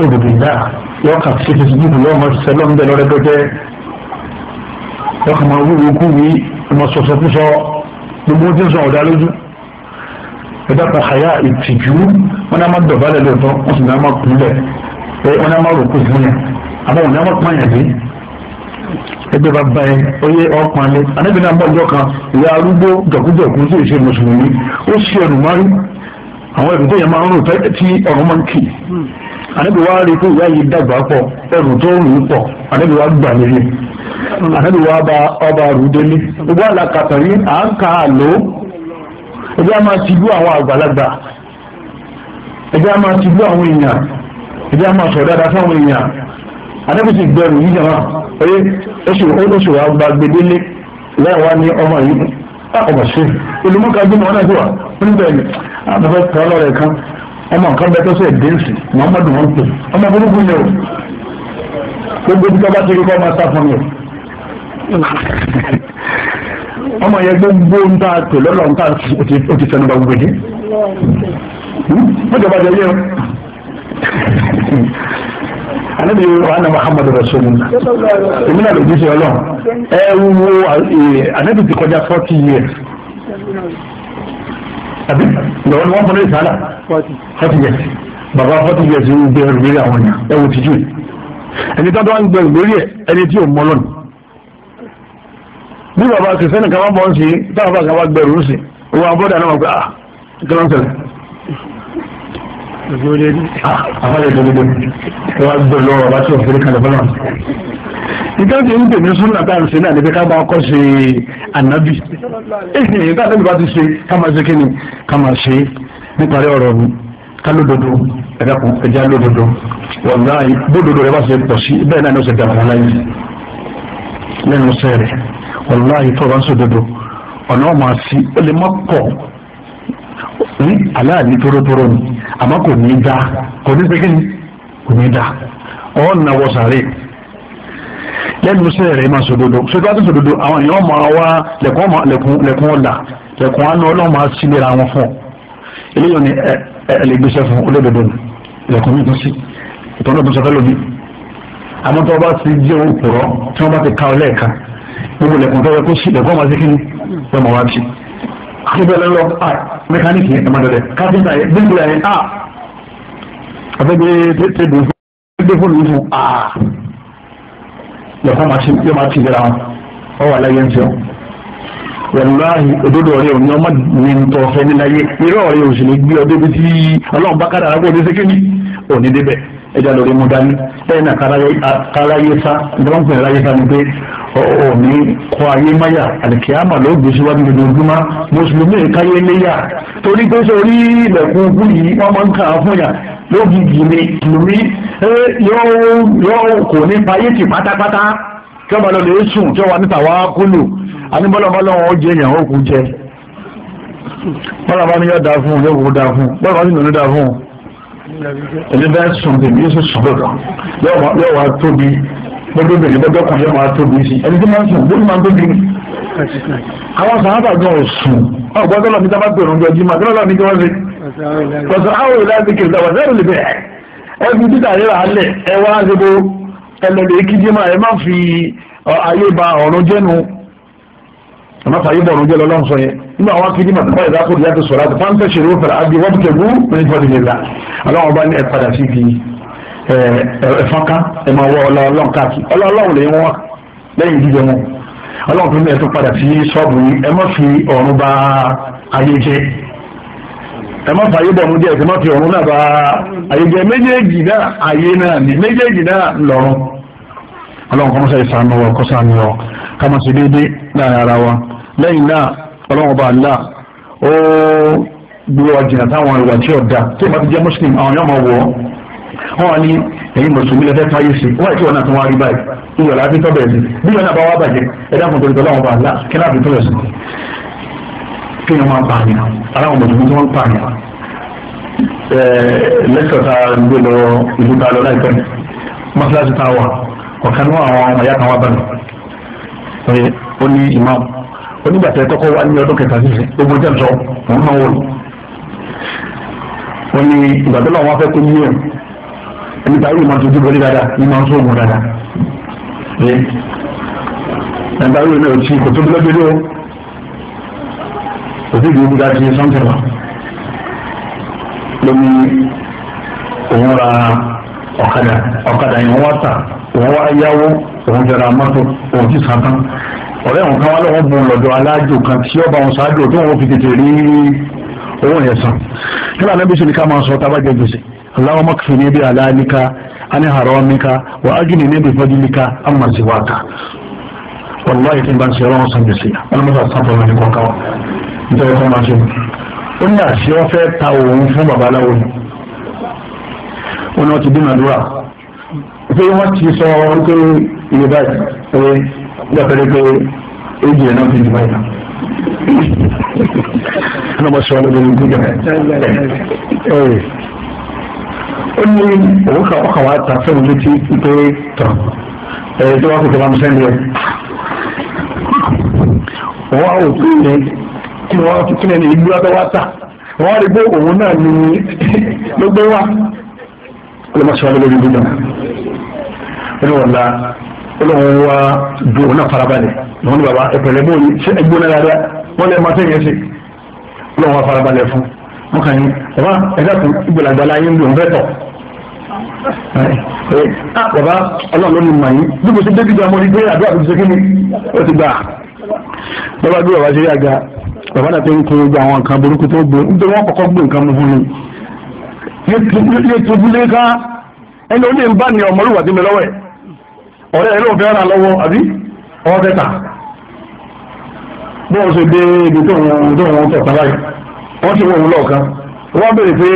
ní ọba wọ́n kà sí ti yìí lọ́wọ́ máa ṣiṣẹ́ lọ́wọ́ ń bẹ lọ́rẹ́ pẹ́pẹ́ wọ́n kà máa wúwo kú wí ọmọ sọ̀sọ̀ kú sọ gbogbo tí ń sọ ọ̀dà lójú ẹ̀dá kan àyà ìtìjú wọn náà máa dọ̀bálẹ̀ lọ́tọ́ wọn sì náà máa kúnlẹ̀ ẹ wọn náà máa rò kú fún yẹn àmọ́ wọn náà máa pààyàn dé ẹgbẹ́ bá ba ẹ oyè ọ̀pọ̀nlé anábìnrin náà mọ̀jọ́ kan ìyá arúgbó jọ̀kújọ̀kú sí ìṣe mùsùlùmí ó sì ọ̀nùmárì àwọn ìbùdó yẹn máa ń rò tí ọ̀run máa ń kì í ànábì wa rí i pé ìyá yìí dàgbà pọ̀ ẹrù tó rù ú pọ̀ ànábì wa gbà nílé ànábì wa bá ọba rù délé gbogbo àlàkàtà rí à ń ka àlọ́ ẹjẹ́ a máa ti bú àwọn àgbàlagbà ẹjẹ́ a máa ti bú àwọn èèyàn ẹjẹ́ a máa sọ̀rọ̀ dáadáa fáwọn èèyàn ànábì ti gbẹrù yìí jàmá oye oṣù oṣù wa gba gbedele lẹ́yìn wa ní ọmọ yìí ọmọ sí wa níbẹ̀ ni ọmọ nǹkan bẹ tó sọ èdèǹsì muhammadu wọn pè ọmọ burúkú yẹ o gbogbo ibi tó bá ti rí kọ́ máa sá fún mi ọmọ yẹn gbogbo ń tà pè lọ́lọ́ ń tà ó ti fẹnu bá gbogbo dé mọ́jọba jẹ yẹ o anabi wàhánà muhammad rasulillah èmi náà lè jí sí ọlọ́run ẹ wo anabi ti kọjá forty years àbí ìgbàwọ́ ni wọ́n fọ́n lórí sàálà forty years bàbá forty years ń gbé ẹrù lórí àwọn èèyàn ẹ wò tìjú yìí ẹni tó ń gbé ẹrù lórí ẹ ẹni tí ò mọ lọ́nà bí bàbá kìsẹ́nì kan wọ́n bọ̀ ń sìn táwọn bàbá kan wá gbẹrù ń sìn òun àbọ̀dà náà wọ́n pẹ́ ah kí ń ṣẹlẹ̀ ìjọ lérí. àwọn èdè gbogbo ẹ wá gbọ́ lọ́wọ́ wá sí òfin kalẹ̀ fọlọ. nǹkan tí ń tèmi sún nàta àrùn sẹ́ni àdébẹ́ ká bá ọkọ̀ ṣe ànábì. èyí tá àdébẹ́ bá ti ṣe ká máa ṣe kíni ká máa ṣe níparí ọ̀rọ̀ mi ká lódodo ẹ̀dá kan ẹja lódodo wọ̀ngá bódodo rẹ bá ṣe pọ̀ sí bẹ́ẹ̀ náà ni ó ṣe dàgbà láyé lẹ́nu sẹ́rẹ̀ wàláhì tó o bá ń sòdodo ọ̀nà ọ̀mà sí ó lè má pọ̀ ní aláàní tórótóró ni àmọ́ kò ní í dá kò ní pékin kò ní í dá ọ̀ nàwọ̀ sàré lẹ́nu sẹ́yìn rẹ̀ máa sòdodo sọ́dọ̀ àti sòdodo àwọn èèyàn máa wá lẹ́kùn ọ̀la lẹ́kùn àánú ọlọ́run máa sílera wọn fún ọ eléyìí ni ẹ ẹ lè gbéṣẹ́ fún olódodo lẹ́kùn mi tún sí ìtàn náà tún lómi àmọ́ tó o bá ti jẹ́ òpùrọ́ tí wọ́n bá ti ka ọ lẹ́ẹ̀kan gbogbo lẹ́kùn tó yẹ kó sí lẹ́kùn ọmọ sí kí ni lọ́mọ wá sí. akébẹ́lẹ́ lọ mẹkáníìkì yẹn ẹ̀ma dọ̀dẹ̀ káfíńtà yẹn bíbélà yẹn a afẹ́gbẹ́ tẹ́tẹ́ dùn fún ẹgbẹ́ fóònù yìí fún a yọ̀ọ́ yọ̀ọ́ máa ti yẹra wọn ọ wà láyé ń sẹ́wọ̀n wàláhì òdodo ọ̀rẹ́ òní ọmọ mi ń tọ́ fẹ́ níláyé irọ́ ọ̀rẹ́ òsì ní gbé ọdún bí tí ọlọ́run bá kádàrá kó o ní sékéyìí òní débẹ̀ ẹja lórí mu dání lẹ́yìn náà káráyé sá ìdánwò ìráyé sá ni pé òní kọ ayé máyà àlìkíyàmà ló gbé síwájú lójoojúmọ́ mùsùlùmí káyé léyà torí pé sórí ilẹ̀kùn kú yìí wọ́n máa ń kà á fún yà lógìgì ni mùsùlùmí yóò kò ní payé tì pátápátá tí wọ́n bá lọ lè sùn tí wọ́n wà níta wá kúlù àníbọ́lọ́mọ́lọ́ wọn ó jẹ yàn ó kú jẹ bọ́lá bá ní yọ fún yóò kú da fún bọ́lá bá ní yọ fún ẹni bá sùn tèmi yóò sùn lọ́dọ̀ yóò wá tóbi gbọ́dọ̀bìnrin gbọ́dọ̀kùn yóò máa tóbi sí ẹni tí máa ń sùn gbọ́dọ̀ máa ń tóbi. àwọn sàábà gan ò sùn ọ gbọ́dọ̀ lọ ní dábàá pèrò ọjọ́ jimá gbọ́dọ̀ lọ ní kí wọ́n ṣe. pọ̀sọ̀ àwọn ìlà ti kiri dáwà sẹ́rù lè bẹ̀ ẹ́ fi títà rẹ̀ alẹ̀ ẹ wá ṣe bó ẹlẹ́dẹ̀ẹ́kí jimá ẹ má fi ayé ba ọ̀run jẹ́nu àmọ́fà yìí bọ̀rùn jẹ́ lọ́lọ́run sọ yẹn nígbà wọn kí dìmọ̀ tọ́pọ̀ ìdákò ìyá tó sọ̀rọ̀ àti fáńtẹ̀ ṣèlú fẹ̀rẹ̀ àbí wọ́n tẹ̀ wú ní ìfọ̀dì nìlá aláwọ̀ bá ní ẹ̀ padà sí ibi ẹ̀fọ́nká ni máa wọ ọlọ́ ọlọ́run káàkiri ọlọ́ ọlọ́run lè wọ́n lẹ́yìn jíjẹ wọn ọlọ́run tún ní ẹ̀ tó padà sí ṣọ́ọ̀bù yìí ẹ má fi ọ̀run bà ayé jẹ́ ẹ má fààyè bọ̀run jẹ́ ẹ má fi ọ̀run náà bà ayé jẹ́ méjèèjì náà ayé náà ní méjèèjì náà lọ́run lẹ́yìn náà ọlọ́run ọba àlá ó gbé wa jìnnà táwọn ìwà tí ọ̀dà tí ìbá ti jẹ́ muslim àwọn yóò máa wọ̀ ọ́ wọn ní ẹ̀yin mùsùlùmí lẹ́fẹ́ fáyé sí wọ́n àti wọn náà tó wá rí báyìí ìwà láti tọ́ bẹ̀rẹ̀ sí bí wọn náà bá wá bàjẹ́ ẹ̀dá kan torí ọlọ́run ọba àlá kí náà fi tó sí kí wọ́n máa pààyàn aláwọn mùsùlùmí tí wọ́n pààyàn lẹ́kọ̀ọ́ta gbé lọ ìlú ta lọ láìpẹ́ mọ́sálásí ta wà ọ̀kan náà àwọn ọmọ kan wá bá ó ní ìmáàmù onígbà tẹ kọ́kọ́ ní ọdún kẹta sísè gbogbo jẹ́ nsọ òun náà wọlé wọn ni ìgbà tó làwọn kó yí ẹni táyé ìmọ̀ tó dúró lé dáadáa ní máa ń sóògùn ẹ ẹni táyé ìmọ̀ òtí kò tó dúró dúró òtí ìdúró dáa ti sọ́ńtẹ̀ wá lómi òun ra ọ̀kadà ọ̀kadà yẹn wọ́n wá tà òun wá yáwó òun jẹrà mọ́tò òun ti sàn tán ọ̀rẹ́ òun kan wá lọ́wọ́ bu lọ́dọ̀ alájò kan tí ọba òun ṣáájú tó wọn fi tètè rí owó yẹn san nígbà náà bí sèlè ká máa sọ tá a bá jẹ gbèsè aláwọ mọ́kìfì ní bí aláàlíkà ani haramika wà á jìnnì ní bí fọdílíkà àmà sí wà ká wàlúwàyí tí n bá ń ṣe ọlọ́run san gbèsè wọn mọ̀ sàn fún mi kọ́kọ́ nítorí kọ́ máa ṣe ó ní àṣẹ wọn fẹ́ ta òun fún babaláwo ni wọn náà ti dín àdúrà pé wọ́n ti sọ wípé ìyẹ̀bá ẹ̀ lọ́pẹ́rẹ́ pé éjì rẹ̀ náà fi jù báyìí náà lọ́mọ sọ lórí ibi jọ ó ní òun kà ọkà wá ta fẹ́ràn létí pé tọ̀ ẹ̀ tó wá kò tó bá mi sẹ́ni ẹ̀ wọ́n á wò pé yẹn kí wọ́n ti kílẹ̀ ní ìlú abẹ́wátà wọ́n á rí pé òun náà ní ló gbé wá lọ́mọ sọ lórí ibi jọ náà olóhùn wa du òun náà farabalẹ̀ òun ní baba ìpẹ̀lẹ̀ bóyá ṣé ẹgbẹ́ náà dáadáa wọ́n lè máa tẹ̀yẹ̀ sí olóhùn wa farabalẹ̀ fún wọn kàn yín baba ẹ̀dá kù ìgbàlagbà la yín lòún fẹ́ tọ̀ baba ọlọ́run ló ní mà yín bí mo ṣe débi gba mo pé àdúrà tó ti ṣe kí ni ó ti gbà baba bí baba ṣe yá ga baba náà ti ń kun gba àwọn nǹkan burúkú tó gbé nítorí wọn kọ́kọ́ gbé nǹkan mu fún mi yé tubulé ẹni ó lè ń bá ní ọmọlúwàdí mi lọ́wọ́ ẹ̀ ọ̀rẹ́ ẹ̀ ló fẹ́ ra lọ́wọ́ àbí ọwọ́ fẹ́ tà bí wọ́n ṣe dé ibi tó wọn tó wọn tọ̀ sábà yìí wọ́n ti wọ òun lọ́ọ̀kan wọ́n béèrè pé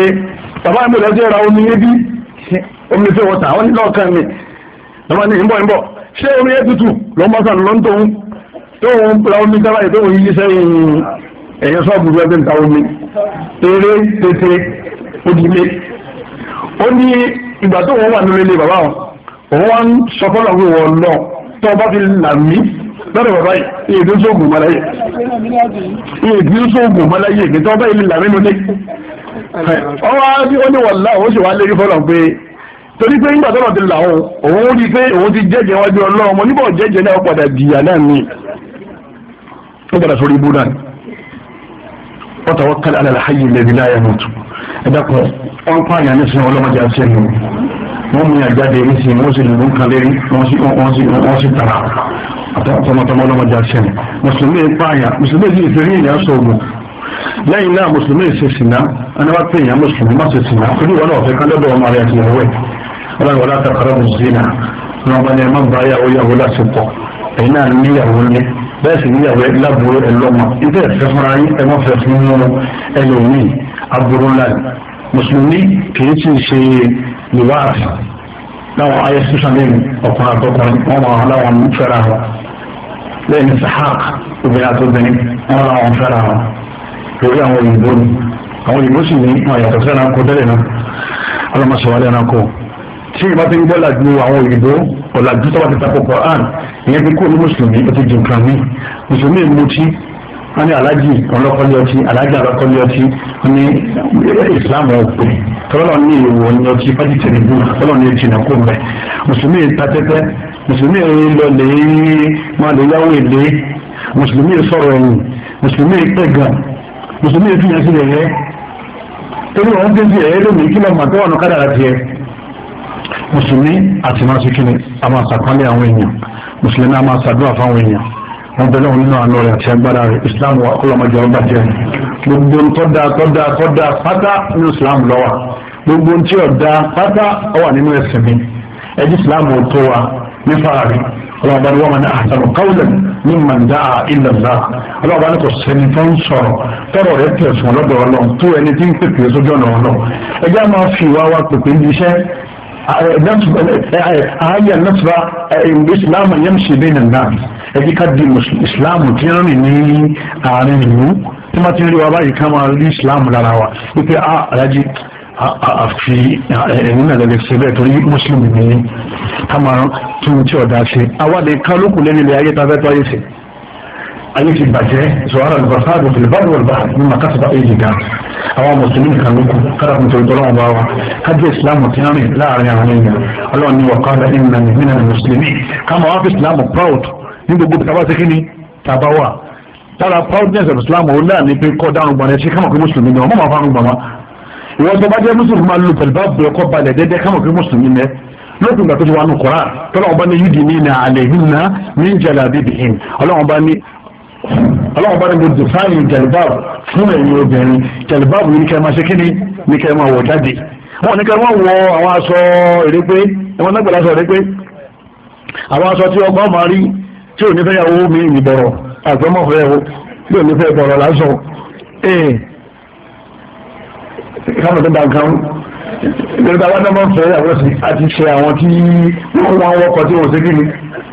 bàbá mi lọ sí ra omi yébí omi fẹ́ wọ́n tà wọ́n ní lọ́ọ̀kan mi lọ́wọ́ ní ìbọ̀ ìbọ̀ ṣé omi yẹn tutù ló ń bá sàn lọ́n tóun tóun ra omi sábà yìí tóun yí sẹ́yìn ẹ̀yìn sọ́ọ̀bù bí wọ́n ti ń ta omi eré tètè ó ó ní ìgbà tó wọn wà nínú ilé bàbá wọn òun wá ń sọ fọlọ́ pé wọ́n lọ tó o bá fi là mí lọ́dọ̀ bàbá yìí iye ìdí sóògùn mọ́láyè iye ìdí sóògùn mọ́láyè ìgbé tó o bá yìí là mí lónìí. ọwọ́ adé ó ní wàhálà òun sì wá lérí fọlọ́ pé torí pé nígbà tọ́lọ̀ ti là òun òun rí i pé òun ti jẹ́jẹ́ wájú ọlọ́run mo níbọ̀ jẹ́jẹ́ náà padà jìyà náà ni ó padà sórí ibú náà wọ́n tàwọn kálí alàlàyé ilẹ̀ ìbílẹ̀ ayé mọ̀tò ẹ̀dá kan wọ́n pààyàn ní sinimá ọlọ́mọdé àti ẹ̀yìn wọ́n mú yàn jáde ní sin wọ́n sì lùlù kan lérí wọ́n sì wọ́n sì wọ́n sì tara àtọmọtọmọ ọlọmọdé àṣẹni mùsùlùmí pààyàn mùsùlùmí yìí fi rí ìyá sọ̀gùn lẹ́yìn náà mùsùlùmí ṣe sìnà ẹni wá pé èèyàn mùsùlùmí má ṣe sìnà torí ìwọ náà ọ̀fẹ́ kan lọ́dọ̀ ọmọ rẹ̀ àti ìyàwó ẹ̀ ọlọ́run wọlé àtàkọ́rọ́ mùsùlùmí náà wọn ni ẹ má ba yàwó yàwó lásìkò ẹ̀yin náà níyàwó ni bẹ́ẹ̀ sì níyàwó ẹ lábúrò ẹ lọ́mọ ibi ẹ̀fẹ́ fúnra yín ẹ má fẹ́ fún ẹlòmíì aburú ńlá mùsùlùmí kì í sì ṣe luwaat láwọn ayé sísan lẹ́nu ọkùnrin àtọkùnrin wọn máa wọn láwọn fẹ́ra wọn lẹ́yìn sahaq obìnrin àtọkùnrin wọn láwọn fẹ́ra wọn lórí àwọn òyìnbó ni àwọn òyìnbó sì ní wọn yàtọ̀ sí ẹranko tẹ́lẹ̀ náà ọlọ́mọṣẹ́wálé ẹranko tí ìbá ti ń gbọ́ làjú àwọn òyìnbó ọ̀làjú sábà ti takò Quran ìyẹn ti kó ní mùsùlùmí ó ti jìn kàn mí mùsùlùmí mutí wọ́n ní alájì ọlọ́kọ́lé ọtí alájì ọlọ́kọ́lé ọtí wọ́n ní islam ọ̀pẹ tọ́lọ́ ní ìwọ ní ọtí fájì tẹ̀lébù tọ́lọ́ ní ìtìnà kó mẹ́ mùsùlùmí ta tẹ́tẹ́ mùsùlùmí lọ lè máa lè yáwó èlé mùsùlùmí sọ̀rọ̀ ẹ̀yìn mùsùlùmí pẹ̀gàn mùsùlùmí fi hàn sí ẹ̀yẹ torí wọn ti ń fi ẹ̀yẹ lónìí kí lọ́mọ tó wà kádàrà tiẹ̀ mùsùlùmí àti máa ṣe kíni wọn bẹ lọ́wọ́ nínú àánú rẹ̀ àti agbára rẹ̀ islam wa ọlọ́mọdé ọba jẹ́ gbogbo ntọ́da tọ́da tọ́da pátá nínú islam lọ́wọ́ gbogbo ntí ọ̀dà pátá ọwà nínú ẹ̀sìn mi ẹ̀dí islam ò tó wa nípa rẹ̀ ọlọ́mọba ni wọ́n máa ní àtàlù káwùlẹ̀ ní màndá ìlàlá ọlọ́mọba ni kò sẹ́ni tó ń sọ̀rọ̀ tọrọ rẹ̀ tẹ̀sùn ọlọ́dọ̀ ọlọ́run tó ẹni tí ń pèpè sójú ọ̀nà ọlọ́run ẹjẹ́ máa fi ìwà wa pèpè ń ààyè nasra islam yamshi bayna an-nas ẹ̀jí ká di islam tí ń rìn ní àárín ìlú tí wọ́n ti rí wa báyìí ká máa rí islam lára wa wípé alájí àfi ẹ̀yìn náà lẹ́lẹ́ ṣe bẹ́ẹ̀ torí mùsùlùmí ni ká máa tún tí ọ̀dà ṣe awádìí kálukú lẹ́nu ilẹ̀ ayé tá a fẹ́ tó ayé ṣe ayé ti bàjẹ́ zọ̀hárà lùbàfáàdù fìlìbàdù wàlùbàhà ní makasaba èyí kan àwọn mùsùlùmí kan lóko kára kun tòótọ́ lọ́wọ́ bá wa kájẹ́ ìsìlámù tí wọ́n rìn láàrin àwọn èèyàn ọlọ́run ní wàkàlà ìnà nìmínà mùsùlùmí káma wá fi ìsìlámù proud ní gbogbo tí a bá ti kí ni tàbá wà tára proudness of islam ó náà ní pé kọ́ dárun gbọ̀n ẹ̀ ṣe káma pé mùsùlùmí ni ọmọ máa fa arun gbọ̀n wa ìwọ tó bá jẹ́ mùsùlùmí máa lu pẹ̀lú báàbù ẹ̀kọ́ balẹ̀ dédé káma pé mùsùlùmí ni lókun gbà tó ti wà nù kọ́ra tọ́lá ọba ní yúdi ní ilẹ̀ àlẹ́ yìí jalabibihin ọlọ́run ọba ní ọlọ́run bá ní mo define jẹ̀lbáàbù fún ẹ̀yin obìnrin jẹ̀lbáàbù yìí ní kẹ́ ẹ máa ṣe kíni ní kẹ́ ẹ máa wọ̀ jáde wọn ní kẹ́ ẹ máa wọ àwọn aṣọ èrèpé ẹ̀wọ̀n náà gbọ́dọ̀ aṣọ èrèpé àwọn aṣọ tí ọgbọ́n máa rí tí ò ní fẹ́ yàwó mi ìbọ̀rọ̀ àgbẹ̀mọ̀fẹ́ o bí ò ní fẹ́ bọ̀rọ̀ lásán ee káàmù tó dáa ìgbẹ́ta wọn náà máa ń fẹ́ yàwó ṣe àwọn tí wọ́n wọ́n wọ́kọ̀ tí wọ́n ṣe kí ni.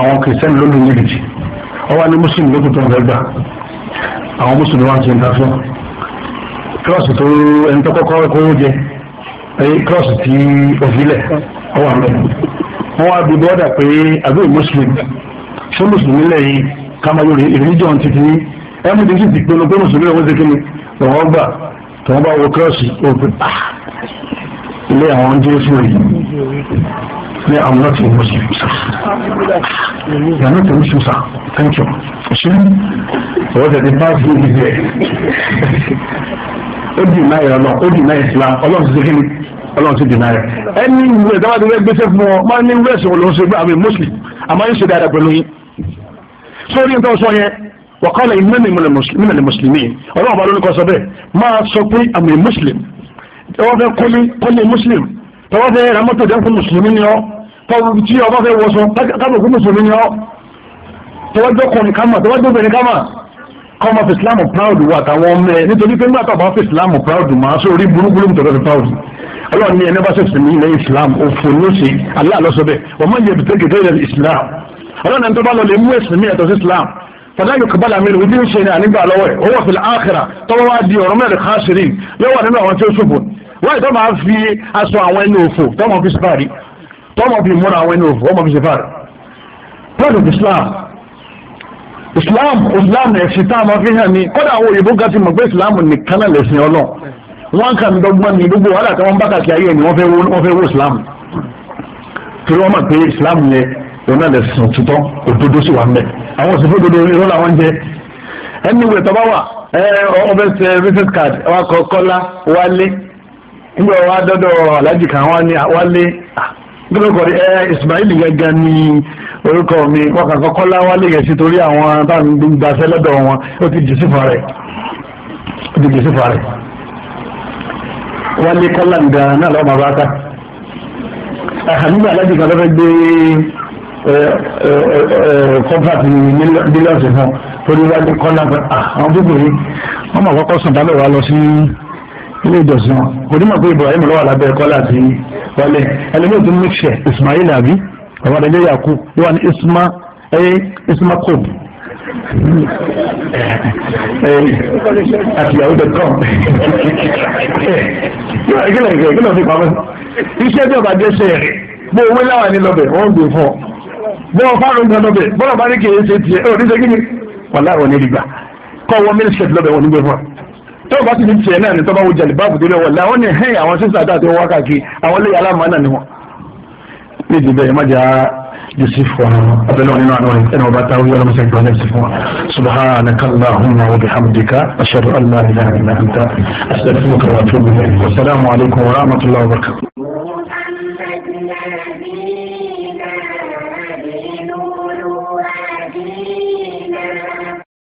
àwọn kìrìsìtẹ́nì ló lóyún jìbìtì ọwọ́ ní mùsùlùmí ló kù tó ń fẹ́ gbà àwọn mùsùlùmí wá ń ṣe ń ta fún un kílọ̀sì tó ẹni tó kọ́kọ́ kówó jẹ kílọ̀sì tí òfilẹ̀ ọwọ́ àmọ́ wọn wá bí bọ́dà pé àbúrò mùsùlùmí ṣé mùsùlùmí lẹ́yìn kàmáyò religion ti ti ẹ̀mú ti ti pinnu pé mùsùlùmí lọ́wọ́ ṣe kíni lọ́wọ́ gbà tí wọ́n bá wọ kílọ̀sì òfin ilé àwọn jésù rèé say I'm not a Muslim, sir. You are not a Muslim, sir. Thank you. What the past do is there. Ó dìnnà ìrọ̀ náà, ó na ìsìlá, ọlọ́run ti ṣe kí ni? Ọlọ́run ti dìnnà rẹ̀. Ẹni ìwé ìdáwà ti fẹ́ gbéṣẹ́ fún ọ, máa ní wẹ́ẹ̀sì ọ̀lọ́run ṣe gbé àmì Mùsùlùmí, àmọ́ yóò ṣe dáadáa pẹ̀lú yín. Sórí nǹkan sọ yẹn, wàkọ́lẹ̀ ìmẹ́ni mímẹ́ni Mùsùlùmí, ọlọ́run bá lónìí kan sọ bẹ́ẹ̀, máa sọ pé àmì Mùsùlùmí, ẹ fẹ́ kọ́lé kọ́lé tọ́wọ́ fẹ́ ra mọ́tò dẹ́kun fún mùsùlùmí ni ọ́ tọ́wọ́ tí ọba fẹ́ wọṣọ kábọ̀ fún mùsùlùmí ni ọ́ tọ́wọ́ dọ́kùnrin kámà tọ́wọ́ dọ́kùnrin kámà kọ́mọ fi islam proud wà táwọn ọmọ ẹ nítorí pé nígbà tọ́ba fi islam proud máa sọ orí burúkú ló ń tọ́jọ́ fi proud ọlọ́run ní ẹni bá ṣe sinmi ilẹ̀ islam òfin ló ṣe Allah ló sọ bẹ́ẹ̀ wọ́n máa yẹ bìtẹ́ gẹ́gẹ́ islam ọlọ́run ẹni tó bá lọ lè mú ẹ̀sìn mi ẹ̀tọ́ sí islam fàdá yóò kábàlà mi lòdì ń ṣe ní ànígbà lọ́wọ́ ẹ̀ owó fìlà áàkìrà tọ́wọ́ wá di ọ̀rọ̀ mẹ́rin káṣírí yóò wà nínú àwọn tí ó ṣòfò wọ́n ìtọ́ máa fi aṣọ àwọn ẹni òfò tọ́mọ fi sefari tọ́mọ fi múra àwọn ẹni òfò ọmọ fi sefari prophet islam islam islam ẹ̀sìn tá a máa fi hàn ní kódà àwọn òyìnbó gàtí mọ̀ pé islam nìkan náà lẹ̀sìn ọlọ́ wọn kà ń dọ́gbọ́n ní gbogbo wàhálà tí wọ́n bá kàkí ayé ni wọ́n fẹ́ wó islam torí wọ́n mọ̀ pé islam yẹn òun náà lẹ̀sìn òtítọ́ òdodo sì wà ń bẹ̀ àwọn òsèfó dodo irọ́ làwọn jẹ ẹni card wa kọ́ nígbà wa dọ́dọ̀ alájì kan wá ní wálé gbọ́dọ̀kọ̀ ah, ẹ eh, Ismail gangan ni orúkọ mi wọn kàn kọ́kọ́ lá wálé yẹn sí torí àwọn táwọn gbàṣẹ́ lọ́dọ̀ wọn ó ti jù sífà rẹ̀ ó ti jù sífà rẹ̀ wálé kọ́lá ǹda náà lọ́wọ́ bàbá ká àhàmìgbà ah, alájì kan lọ́fẹ́ gbé kọ́ńtàtì eh, eh, mílíọ̀nù fún torí wálé kọ́lá ah, àwọn gbogbo yìí wọ́n mọ̀ kọ́kọ́ sùn dálẹ̀ wá lọ sí ilé ìjọsìn wọn kò ní mọ̀ pé Ibrahim lọ́wọ́ lábẹ́ kọ́lá sí wọlé ẹlẹ́mìí tó ń mixẹ̀ Ismail àbí àwọn ọ̀dẹ́jẹ́ Yakub yóò wá ní Isma ẹ Isma kob àti yahoo dot com ìkìlọ̀ ìkìlọ̀ ìkìlọ̀ fi pamọ́ iṣẹ́ tí ọba jẹ́ sẹ́ẹ̀rì bó owó láwà ní lọ́bẹ̀ wọ́n ń gbé fún ọ bó o fáwọn ọ̀gá lọ́bẹ̀ bọ́lá bá ní kì í ṣe tiẹ̀ ẹ̀ ò ní ṣe kí ni wàláhì wọn ní rí gbà kọ́ wọ́n mínísítẹ̀tì lọ́bẹ̀ wọn ní gbé fún ọ tó o bá ti ní tiẹ̀ náà ní tọ́ba wo jàlíbáàbù tó lé wọ̀ láwọn ní hẹ́ẹ̀ àwọn sísá tá a ti wọ́n káàkiri àwọn ilé aláma náà ni wọn. ní ti bẹ́ẹ̀ má jà jùsí fún wa abẹ́lẹ́ nínú àná rẹ̀ ẹni wọ́n bá ta wíwá lọ́mọṣẹ́ ìgbà náà sí fún wa subhanaka wa bihamdika ashhadu an ilaha illa anta astaghfiruka wa atubu ilayk wa salaamu alaykum wa rahmatullahi wa barakatuh.